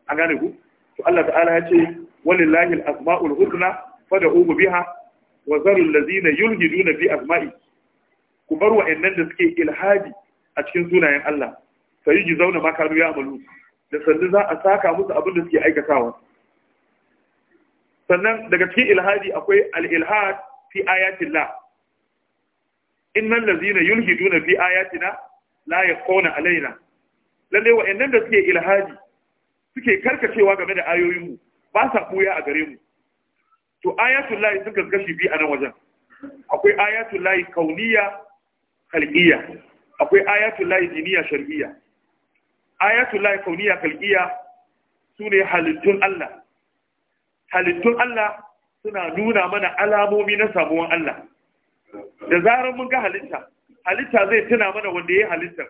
Speaker 1: an gani ku to Allah ta'ala ya ce walillahi al-asma'ul husna fad'uhu biha wa zarul ladina yulhiduna bi asma'i ku bar wa'annan da suke ilhadi a cikin sunayen Allah sai ji zauna ma kanu ya amalu da sannu za a saka musu abin da suke aikatawa sannan daga cikin ilhadi akwai al-ilhad fi ayatillah innal ladzina yulhiduna fi ayatina la kona alaina lalle wa'annan da suke ilhadi suke karkacewa game da ayoyinmu ba sa koya a gare mu to ayatul lahi sun gaskashi bi a nan wajen akwai ayatul lahi kauniya khalqiyya akwai ayatul lahi diniya shar'iyya ayatul lahi kauniya kalqiya sune halittun Allah halittun Allah suna nuna mana alamomi na samuwan Allah da zarar mun ga halitta halitta zai tuna mana wanda ya halitta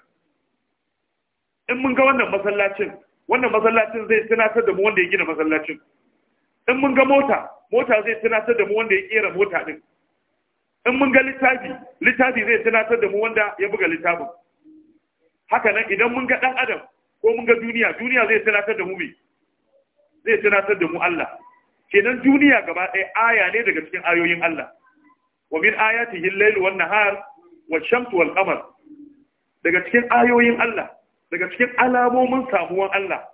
Speaker 1: in mun ga wannan masallacin wannan masallacin zai tunatar da mu wanda ya gina masallacin in mun ga mota mota zai tunatar da mu wanda ya kera mota din in mun ga littafi littafi zai tunatar da mu wanda ya buga littafin haka nan idan mun ga dan adam ko mun ga duniya duniya zai tunatar da mu me zai tunatar da mu Allah kenan duniya gaba ɗaya aya ne daga cikin ayoyin Allah wa min ayatihi al-layl an nahar ash shamsu wal qamar daga cikin ayoyin Allah daga cikin alamomin samuwan Allah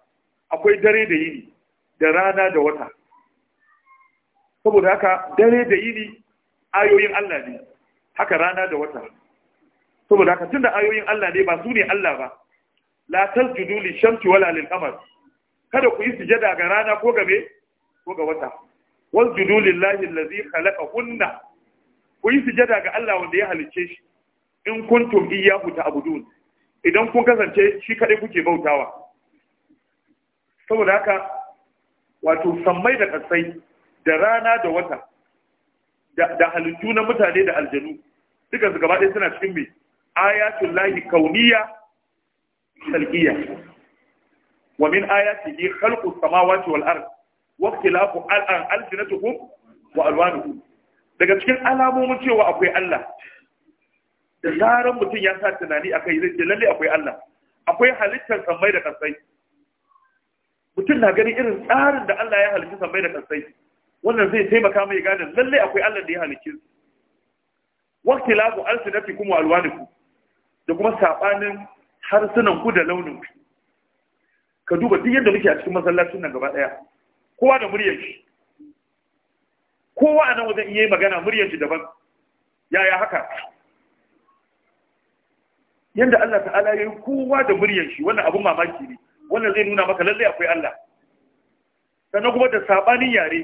Speaker 1: akwai dare da yini da rana da wata saboda haka dare da yini ayoyin Allah ne haka rana da wata saboda haka tunda ayoyin Allah ne ba su ne Allah ba la tasjudu li shamsi wala lil qamar kada ku yi sujada ga rana ko ga me ko ga wata wasjudu lillahi allazi khalaqahunna ku yi sujada ga Allah wanda ya halicce shi in kuntum iyyahu ta'budun idan kun kasance shi kadai kuke bautawa saboda haka wato sammai da kasai da rana da wata da halittu na mutane da aljanu duka su gaba ɗaya suna cikin mai ayatul lahi kauniya khalqiyya wa min خلق السماوات samawati واختلاف ard wa ikhtilafu al-sinatikum wa alwanukum daga cikin alamomin cewa akwai Allah da zaran mutum ya sa tunani akai zai ce lalle akwai Allah akwai halittar sammai da kasai mutum na ganin irin tsarin da Allah ya halitta sammai da kasai wannan zai taimaka mai gane lalle akwai Allah da ya halicci su waqtilafu alsinatikum wa alwanikum da kuma sabanin harsunan ku da launin ku ka duba duk yadda muke a cikin masallacin nan gaba daya kowa da muryar kowa a nan wajen iya magana muryar shi daban yaya haka yadda Allah ta'ala ya kowa da muryar wannan abun mamaki ne wannan zai nuna maka lalle akwai Allah sannan kuma da sabanin yare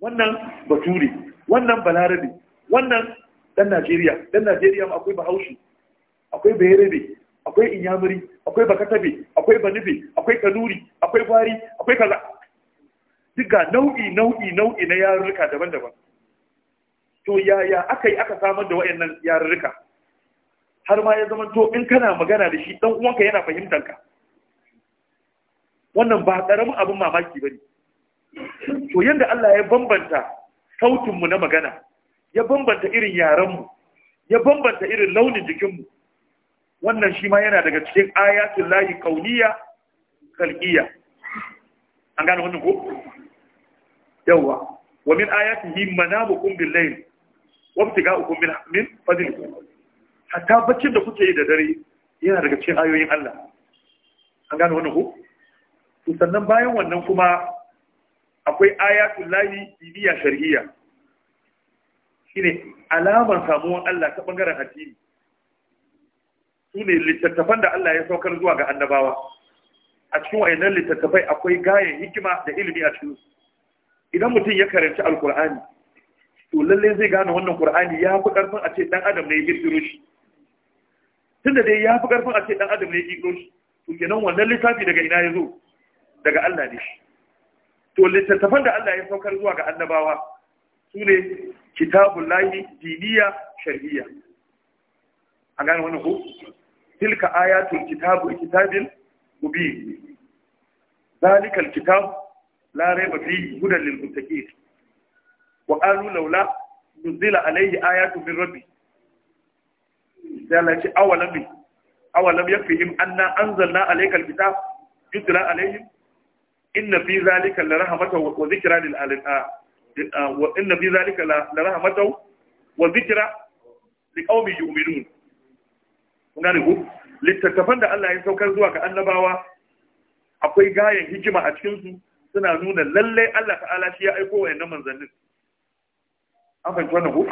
Speaker 1: wannan bature wannan balarabe wannan dan Najeriya dan Najeriya akwai bahaushe akwai bayarabe akwai inyamuri akwai bakatabe akwai banube akwai kanuri akwai gwari, akwai kaza duk ga nau'i nau'i nau'i na yarurruka daban-daban to yaya aka yi aka samar da wayannan yarurruka har ma ya zama to in kana magana da shi dan uwanka yana fahimtar ka wannan ba karamin abin mamaki bane to yanda Allah ya bambanta sautin mu na magana ya bambanta irin yaran ya bambanta irin launin jikin mu wannan shi ma yana daga cikin ayatul lahi kauniya kalqiya an gane wannan ko yawa wa min ayatihi manabukum bil layl wa ibtiga'ukum min min fadlihi hatta baccin da kuke yi da dare yana daga cikin ayoyin Allah an gane wannan ko to sannan bayan wannan kuma akwai ayatul lahi diniya shar'iyya shine alamar samuwar Allah ta bangaren addini su ne littattafan da Allah ya saukar zuwa ga annabawa a cikin wayannan littattafai akwai gayen hikima da ilimi a cikin idan mutum ya karanci alkur'ani to lalle zai gane wannan qur'ani ya fi karfin a ce dan adam ne ya kirkiro shi tunda dai ya fi karfin a ce dan adam ne ya kirkiro shi to kenan wannan littafi daga ina ya zo daga Allah ne shi to littattafan da Allah ya saukar zuwa ga annabawa su ne kitabul diniya shar'iyya A gane wannan ko tilka ayatul kitabu kitabin mubin zalikal kitab la rayba fihi hudan lil muttaqin wa qalu lawla nuzila alayhi ayatu min rabbi zala ci awalam bi awalam yakfihim anna anzalna alayka alkitab yutla alayhim inna fi zalika la rahmatan wa dhikra lil alamin wa inna fi zalika la rahmatan wa dhikra liqaumi yu'minun gane ku littattafan da Allah ya saukar zuwa ga annabawa akwai gayan hikima a cikin su suna nuna lalle Allah ta'ala shi ya aiko wa yannan manzannin an fahimci wannan ku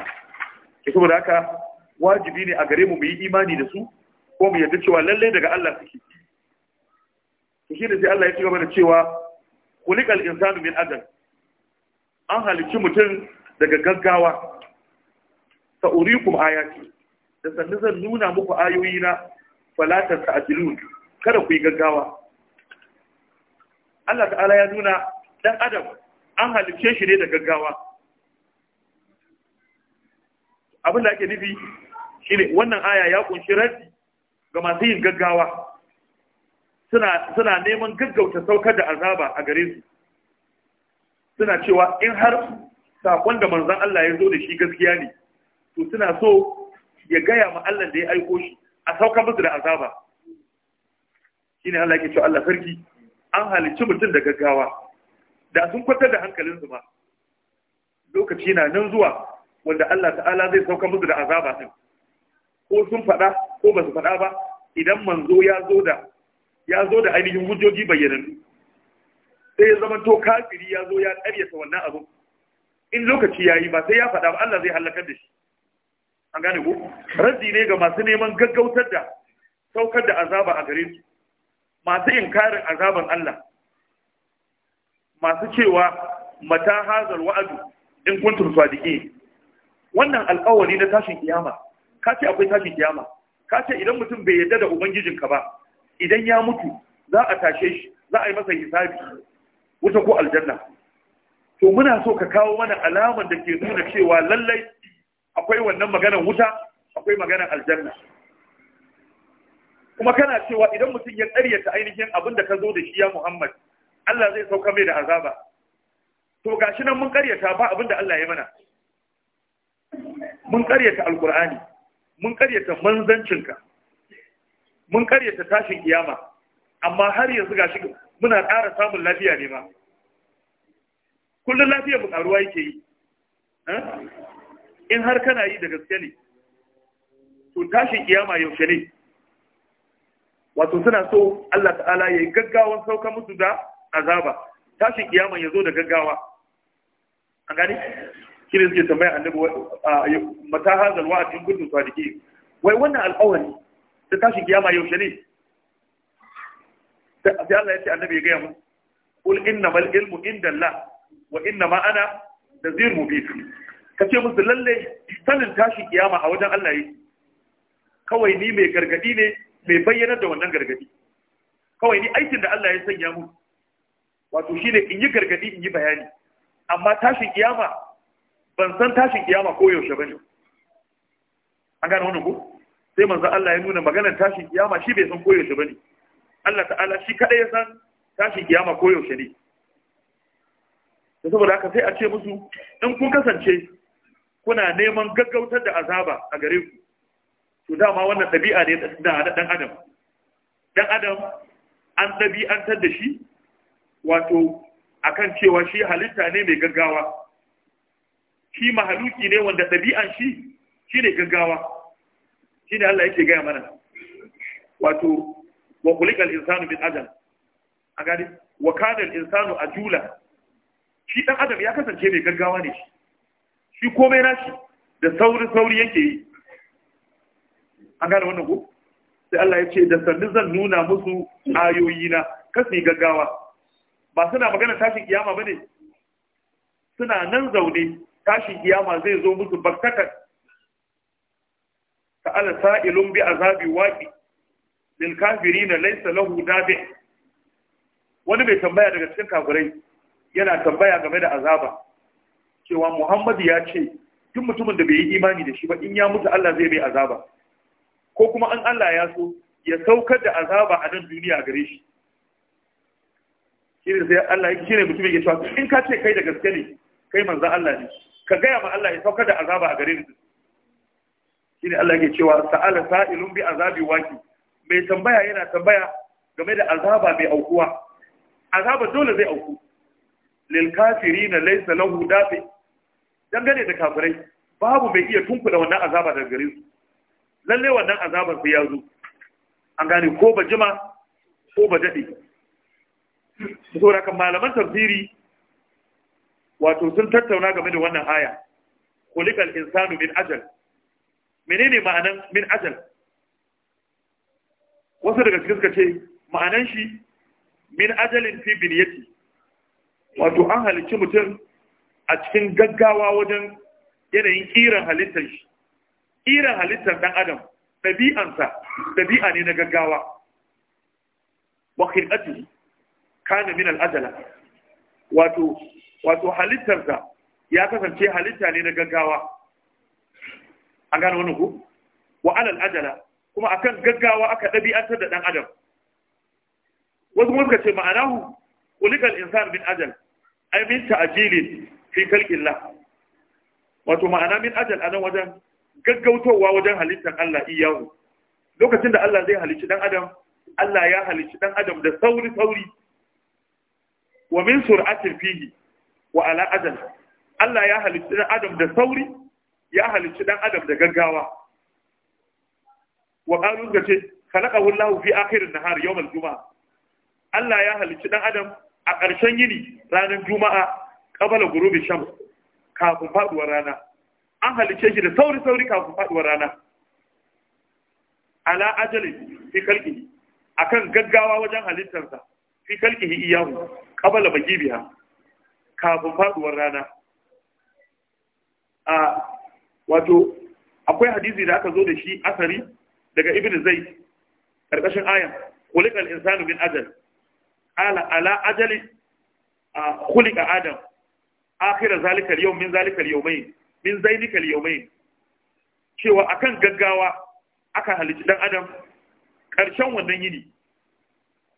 Speaker 1: saboda haka wajibi ne a gare mu mu yi imani da su ko mu yarda cewa lalle daga Allah suke to shi da sai Allah ya ci gaba da cewa kulikal insanu min adam an halicci mutum daga gaggawa sa'urikum ayati da sannu zan nuna muku ayoyi na falatar ajilun kada ku yi gaggawa Allah ta'ala ya nuna dan adam an halice shi ne da gaggawa abin da ake nufi shine wannan aya ya kunshi raddi ga masu yin gaggawa suna neman gaggauta saukar da azaba a gare su suna cewa in har sakon da manzon Allah ya zo da shi gaskiya ne to suna so ya gaya ma Allah da ya aiko shi a sauka musu da azaba shine Allah yake cewa Allah sarki an halicci mutum da gaggawa da sun kwatar da hankalin su ma lokaci na nan zuwa wanda Allah ta'ala zai sauka musu da azaba din ko sun faɗa ko ba su faɗa ba idan manzo ya zo da ya zo da ainihin hujjoji bayyanannu sai ya zama to kafiri ya zo ya ƙaryata wannan abu in lokaci yi ba sai ya faɗa ba Allah zai halakar da shi an gane ku ne ga masu neman gaggautar da saukar da azaba a gare su masu inkarin azaban Allah masu cewa mata hazal wa'adu in kuntum sadiqi wannan alƙawari na tashin kiyama ka akwai tashin kiyama ka idan mutum bai yarda da ubangijinka ba idan ya mutu za a tashe shi za a yi masa hisabi wuta ko aljanna to muna so ka kawo mana alamar da ke nuna cewa lallai akwai wannan maganar wuta akwai maganar aljanna kuma kana cewa idan mutum ya karyata ainihin abin da ka zo da shi ya Muhammad Allah zai sauka mai da azaba to gashi nan mun karyata ba abin da Allah ya mana mun karyata alkur'ani mun karyata manzancinka mun karyata tashin kiyama amma har yanzu gashi muna ƙara samun lafiya ne ma kullum lafiyar mu ƙaruwa yake yi eh? in har kana yi da gaske ne to tashin kiyama yaushe ne wato suna so Allah ta'ala ya yi gaggawan sauka musu da azaba tashin kiyama ya zo da gaggawa an gani shi ne suke tambaya annabi mata hazal wa in kuntum sadiqin wai wannan alƙawari ta tashin kiyama yaushe ne sai Allah ya ce annabi ya gaya mu qul innamal ilmu indallah wa innama ana nadhir mubin ka ce musu lalle sanin tashin kiyama a wajen Allah yake kawai ni mai gargadi ne mai bayyana da wannan gargadi kawai ni aikin da Allah ya sanya mu wato shine in yi gargadi in yi bayani amma tashin kiyama ban san tashin kiyama ko yaushe bane an gane wannan ko sai manzo Allah ya nuna maganar tashin kiyama shi bai san ko yaushe bane Allah ta'ala shi kada ya san tashin kiyama ko yaushe ne saboda haka sai a ce musu in kun kasance kuna neman gaggautar da azaba a gare ku to dama wannan ɗabi'a ne da ɗan adam ɗan adam an ɗabi'antar da shi wato akan cewa shi halitta ne mai gaggawa shi mahaluki ne wanda ɗabi'an shi shi ne gaggawa shi ne Allah yake gaya mana wato wa kulikal insanu min ajal a gani wa kana insanu ajula shi dan adam ya kasance mai gaggawa ne shi shi komai nashi da sauri sauri yake yi an gane wannan ku? sai Allah ya ce da sannu zan nuna musu ayoyi na kasu gaggawa ba suna magana tashin kiyama ne? suna nan zaune tashin kiyama zai zo musu ta ta'ala sa'ilun bi azabi waqi lil na laisa lahu dabe wani mai tambaya daga cikin kagurai yana tambaya game da azaba cewa Muhammadu ya ce duk mutumin da bai yi imani da shi ba in ya mutu Allah zai bai azaba ko kuma an Allah ya so ya saukar da azaba a nan duniya gare shi shine sai Allah ya shine mutum ya cewa in ka ce kai da gaske ne kai manzo Allah ne ka gaya ma Allah ya saukar da azaba a gare ni shine Allah yake cewa sa'ala sa'ilun bi azabi waki mai tambaya yana tambaya game da azaba mai aukuwa azaba dole zai auku lil kafirina laysa lahu dafi dangane da kafirai babu mai iya tunkula wannan azaba daga gare su lalle wannan azaban sai ya zo an gane ko ba jima ko ba dade saboda kan malaman tafsiri wato sun tattauna game da wannan aya kulikal insanu min ajal menene ma'anan min ajal wasu daga cikin suka ce ma'anan shi min ajalin fi biniyati wato an halicci mutum a cikin gaggawa wajen yanayin kiran halittar shi kiran halittar dan adam ɗabi'ansa ɗabi'a ne na gaggawa wa khilqatihi kana min al-ajala wato wato halittarsa ya kasance halitta ne na gaggawa an gane wannan ku wa alal ajala kuma akan gaggawa aka ɗabi'antar da ɗan adam wasu wanda ce ma'anahu kulikal insan min ajal ai min ta'jilin fi khalqillah wato ma'ana min ajal anan wajen gaggautowa wajen halittar Allah iyahu lokacin da Allah zai halicci dan adam Allah ya halicci dan adam da sauri sauri wa min sur'ati fihi wa ala ajal Allah ya halicci dan adam da sauri ya halicci dan adam da gaggawa wa qalu gace khalaqahu Allah fi an nahar yawm al-jum'a Allah ya halicci dan adam a ƙarshen yini ranar juma'a ƙabala gurubi shams kafin faɗuwar rana an halice shi da sauri sauri kafin faɗuwar rana ala ajali fi kalki akan gaggawa wajen halittarsa fi kalki iyahu ƙabala magibiya kafin faɗuwar rana a wato akwai hadisi da aka zo da shi asari daga ibn zaid karkashin ayan kulikal insanu min ajal ala ala ajali khuliqa adam akhira zalikal yawm min zalikal yawmayn min zainikal yawmayn cewa akan gaggawa aka halici dan adam karshen wannan yini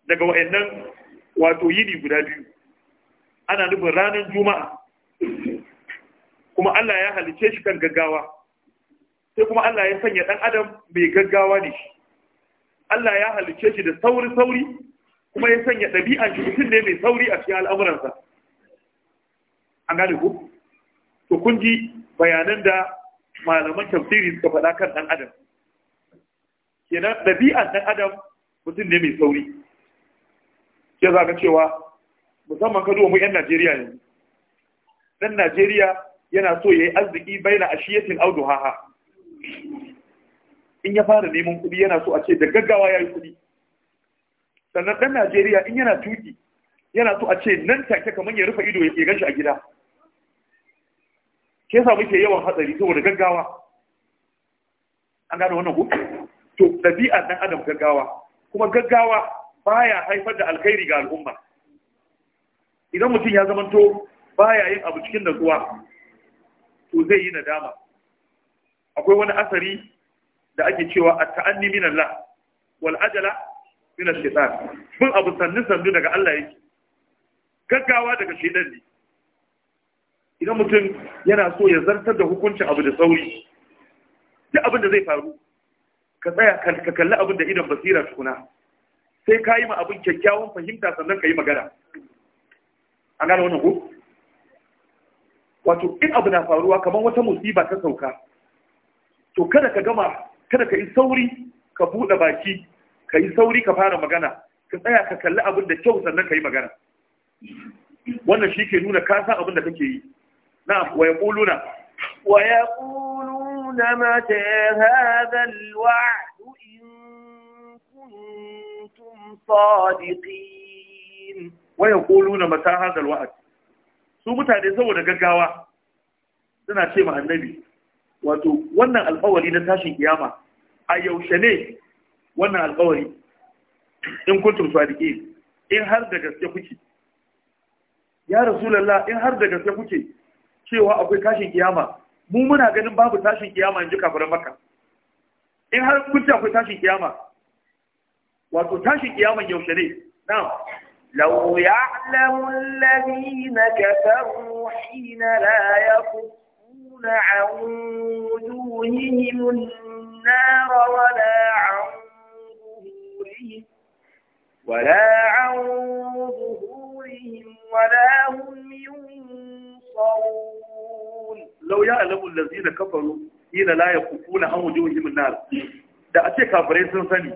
Speaker 1: daga wayannan wato yini guda biyu ana nufin ranar juma'a kuma Allah ya halice shi kan gaggawa sai kuma Allah ya sanya dan adam mai gaggawa ne shi Allah ya halice shi da sauri sauri kuma ya sanya ɗabi'an shi mutum ne mai sauri a cikin al'amuransa an gane ku to kun ji bayanan da malaman tafsiri suka faɗa kan ɗan adam kenan ɗabi'an ɗan adam mutum ne mai sauri ke za ka cewa musamman ka duba mu 'yan najeriya ne ɗan najeriya yana so ya yi arziki bai na ashiyatin audu haha in ya fara neman kuɗi yana so a ce da gaggawa ya yi kuɗi sannan ɗan najeriya in yana tuki yana so a ce nan take kamar ya rufe ido ya gan shi a gida ke sa muke yawan hatsari saboda gaggawa an gano wannan ku to ɗabi'a ɗan adam gaggawa kuma gaggawa baya haifar da alkhairi ga al'umma idan mutum ya zamanto baya yin abu cikin natsuwa to zai yi nadama akwai wani asari da ake cewa a ta'anni min la, wal ajala min ash-shaytan bin abu sannu sannu daga Allah yake gaggawa daga shaytan ne idan mutum yana so ya zartar da hukuncin abu da sauri duk abin da zai faru ka tsaya ka kalli abin da idan basira tukuna sai ka yi ma abin kyakkyawan fahimta sannan ka yi magana an gane wannan ko wato in abu na faruwa kamar wata musiba ta sauka to kada ka gama kada ka yi sauri ka buɗe baki ka yi sauri ka fara magana ka tsaya ka kalli abin da kyau sannan ka yi magana wannan shi ke nuna ka abin da kake yi na wa yaquluna
Speaker 2: wa yaquluna ma ta hadha alwa'd in
Speaker 1: kuntum sadiqin wa yaquluna mata hadha alwa'd su mutane saboda gaggawa suna ce ma annabi wato wannan alƙawari na tashin kiyama a yaushe ne wannan alƙawari in kuntum sadiqin in har da gaske kuke ya rasulullah in har da gaske kuke cewa akwai tashin kiyama mu muna ganin babu tashin kiyama in ji kafiran makka in har kun akwai tashin kiyama wato tashin kiyaman yaushe ne na'am لو
Speaker 2: يعلم الذين كفروا حين لا يكفون عن وجوههم النار ولا عن ولا عن ظهورهم ولا هم ينصرون
Speaker 1: لو يعلم الذين كفروا حين لا يكفون عن وجوههم النار da a ce kafirai sun sani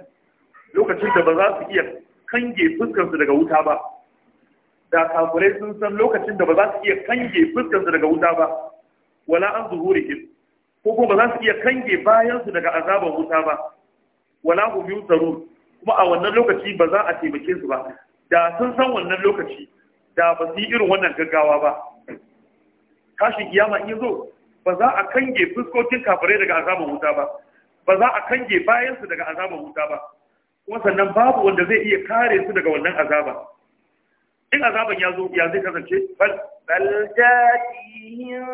Speaker 1: lokacin da ba za su iya kange fuskarsu daga wuta ba da kafirai sun san lokacin da ba za su iya kange fuskarsu daga wuta ba wala an zuhurihim ko kuma ba za su iya kange bayansu daga azaban wuta ba wala hum yusarun kuma a wannan lokaci ba za a taimake su ba da sun san wannan lokaci da ba su yi irin wannan gaggawa ba Kashin kiyama in zo ba za a kange fuskokin kafirai daga azaban wuta ba ba za a kange bayansu daga azaban wuta ba kuma sannan babu wanda zai iya kare su daga wannan azaba in azaban ya zo ya zai kasance bal
Speaker 2: bal jatihim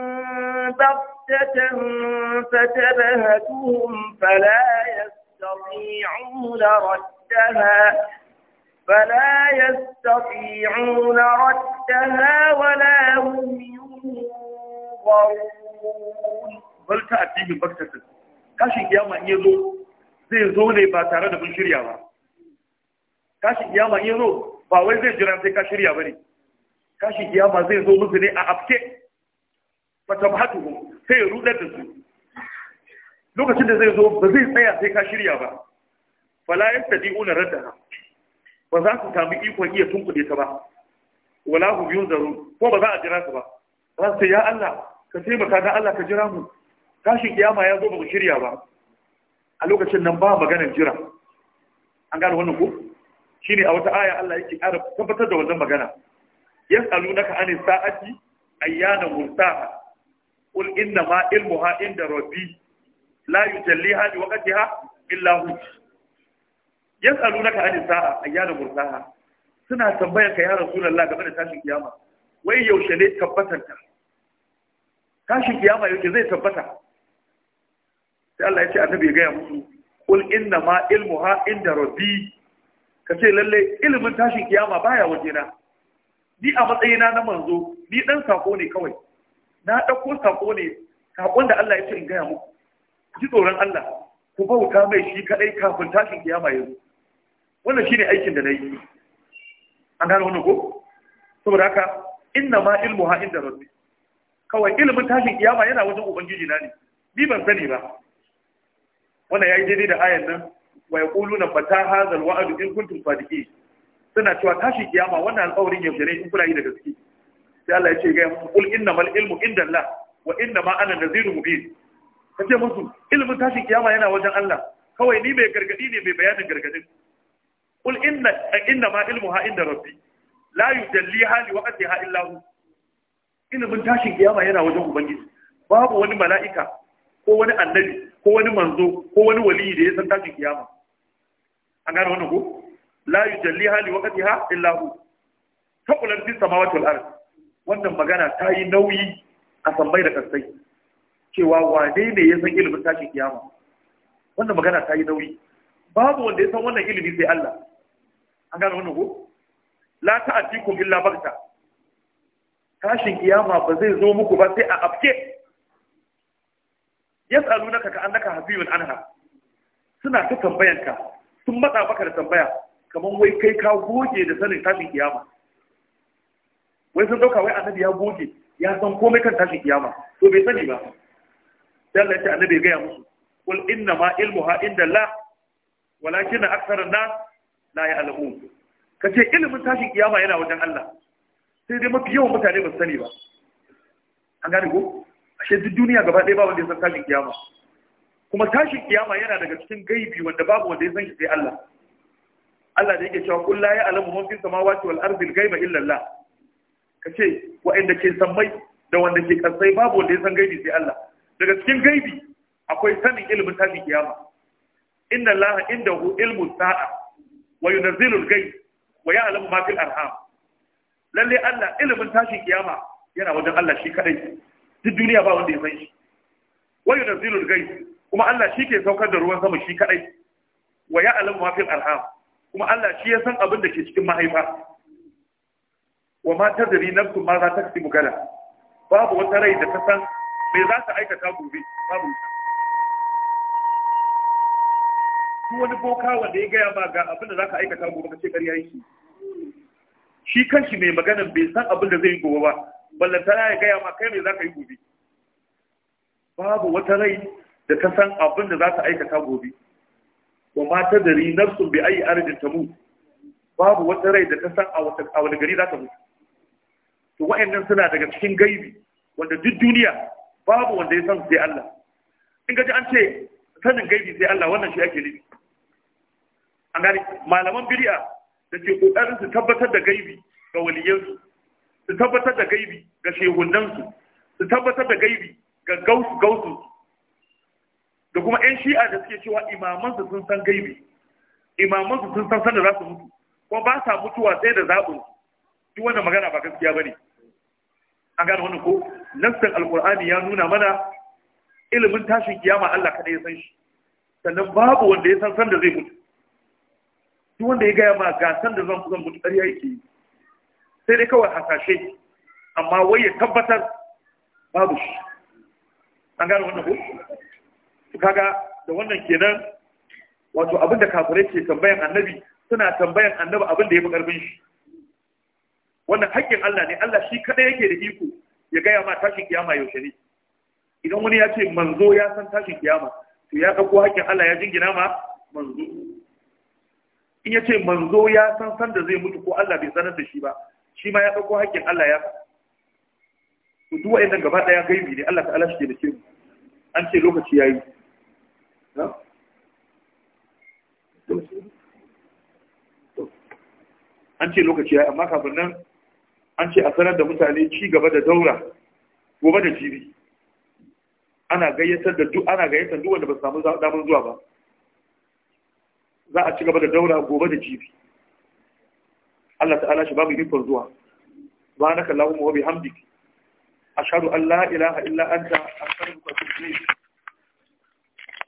Speaker 2: fala yas يستطيعون ردها فلا يستطيعون ردها ولا هم ينظرون
Speaker 1: بل تأتيهم بكتة kashin kiyama in yazo zai zo ne ba tare da mun shirya ba kashin kiyama in yazo ba wai zai jira sai ka shirya bane kashin kiyama zai zo musu ne a afke fatabhatuhum sai ya ruɗa da su lokacin da zai zo ba zai tsaya sai ka shirya ba fala yastadi'una raddaha ba za su samu ikon iya tunkuɗe ta ba wala hum yunzaru ko ba za a jira su ba za su ya Allah ka taimaka dan Allah ka jira mu tashin kiyama ya zo ba mu shirya ba a lokacin nan ba maganar jira an gane wannan ko shine a wata aya Allah yake ƙara tabbatar da wannan magana yas'alunaka anis sa'ati ayyana mursaha qul inna ma ilmuha inda rabbi la ha? li waqtiha illa hu yasalunaka an sa'a ayyana mursaha suna tambayar ka ya rasulullah game da tashin kiyama wai yaushe ne tabbatar ta tashin kiyama yaushe zai tabbata sai Allah ya ce annabi ya gaya musu qul inna ma ilmuha inda rabbi kace lalle ilimin tashin kiyama baya wajena ni a matsayina na manzo ni dan sako ne kawai na dauko sako ne sakon da Allah ya ce in gaya muku ji tsoron Allah ku bauta mai shi kadai kafin tashin kiyama yanzu wannan shine aikin da nayi an gano wannan ko saboda haka inna ma ilmu ha inda rabbi kawai ilimin tashin kiyama yana wajen ubangiji na ne ni ban sani ba wannan yayi daidai da ayan nan wa yaquluna fata hadzal wa'd in kuntum sadiqin suna cewa tashin kiyama wannan alƙawarin yaushe ne in kuna yi da gaske sai Allah ya ce ga mu kul innamal ilmu indallah wa innama ana nazirun mubin kace musu ilimin tashin kiyama yana wajen Allah kawai ni mai gargadi ne mai bayanin gargadin qul inna inna ma ilmuha inda rabbi la yujalliha li waqtiha illa hu ilimin tashin kiyama yana wajen ubangiji babu wani mala'ika ko wani annabi ko wani manzo ko wani waliyi da ya san tashin kiyama an gane wannan ko la yujalliha li waqtiha illa hu taqulan fis samawati wal ardi wannan magana ta yi nauyi a sambai da kasai cewa wane ne ya san ilimin tashin kiyama wannan magana ta yi nauyi babu wanda ya san wannan ilimi sai Allah an gane wannan ko la ta'tikum illa bagta tashin kiyama ba zai zo muku ba sai a afke yas'alunaka ka annaka habibun anha suna ta tambayanka sun matsa baka da tambaya kamar wai kai ka goge da sanin tashin kiyama wai sun dauka wai annabi ya goge ya san komai kan tashin kiyama to bai sani ba dalla Allah annabi gaya musu kul inna ma ilmuha inda la walakin aktharun nas la ya'lamun kace ilimin tashin kiyama yana wajen Allah sai dai mafi yawan mutane ba su sani ba an gane ko ashe duk duniya gaba ɗaya ba wanda ya san tashin kiyama kuma tashin kiyama yana daga cikin gaibi wanda babu wanda ya san shi sai Allah Allah da yake cewa kul la ya'lamu man fis samawati wal ardi al-ghaiba illa Allah kace wa'anda ke sammai da wanda ke kasai babu wanda ya san gaibi sai Allah daga cikin gaibi akwai sanin ilimin tashin kiyama inna allaha indahu ilmu sa'a wa yunzilu al-ghayb wa ya'lamu ma fil arham lalle Allah ilimin tashin kiyama yana wajen Allah shi kadai duk duniya ba wanda ya san shi wa yunzilu al-ghayb kuma Allah shi ke saukar da ruwan sama shi kadai wa ya'lamu ma fil arham kuma Allah shi ya san abin da ke cikin mahaifa wa ma tadri nafsu ma za ta kasibu gala babu wata rai da ta san me za ta aikata gobe babu shi wani boka wanda ya gaya ma ga abin da za ka aikata gobe ka ce kar yayi shi kanshi mai magana bai san abin da zai yi gobe ba ballantana ya gaya ma kai me za ka yi gobe babu wata rai da ta san abin da za ta aikata gobe wa ma ta dari su bi ayi arjin tamu babu wata rai da ta san a wani gari za ta mutu to wa'annan suna daga cikin gaibi wanda duk duniya babu wanda ya san sai Allah in gaji an ce sanin gaibi sai Allah wannan shi ake nufi an gani malaman bid'a da ke kokarin su tabbatar da gaibi ga waliyansu su tabbatar da gaibi ga shehunansu su tabbatar da gaibi ga gausu gausu da kuma yan shi'a da suke cewa imamansu sun san gaibi imamansu sun san sanin za su mutu ko ba sa mutuwa sai da zaɓin duk wannan magana ba gaskiya ba ne an gane wannan ko nassin alkur'ani ya nuna mana ilimin tashin kiyama Allah kada ya san shi sannan babu wanda ya san san da zai mutu duk wanda ya gaya ma ga san da zan kusan mutu ƙarya yake sai dai kawai hasashe amma wai ya tabbatar babu shi an gane wannan ko to kaga da wannan kenan wato abin da kafirai ke tambayan annabi suna tambayan annabi abin da ya fi karfin shi wannan haƙƙin Allah ne Allah shi kada yake da iko ya gaya ma tashin kiyama yaushe ne idan wani ya ce manzo ya san tashin kiyama to ya ɗauko hakkin Allah ya jingina ma manzo in ya ce manzo ya san san da zai mutu ko Allah bai sanar da shi ba shi ma ya ɗauko hakkin Allah ya to duk wa'annan gaba ɗaya gaibi ne Allah ta'ala shi da ke an ce lokaci yayi an ce lokaci yi, amma kafin nan an ce a sanar da mutane ci gaba da daura gobe da jibi ana gayyatar da duk ana gayyatar duk wanda ba samu damar zuwa ba za a ci gaba da daura gobe da jibi Allah ta'ala shi babu ikon zuwa subhanaka allahumma wa bihamdik ashhadu an la ilaha illa anta astaghfiruka wa atubu ilayk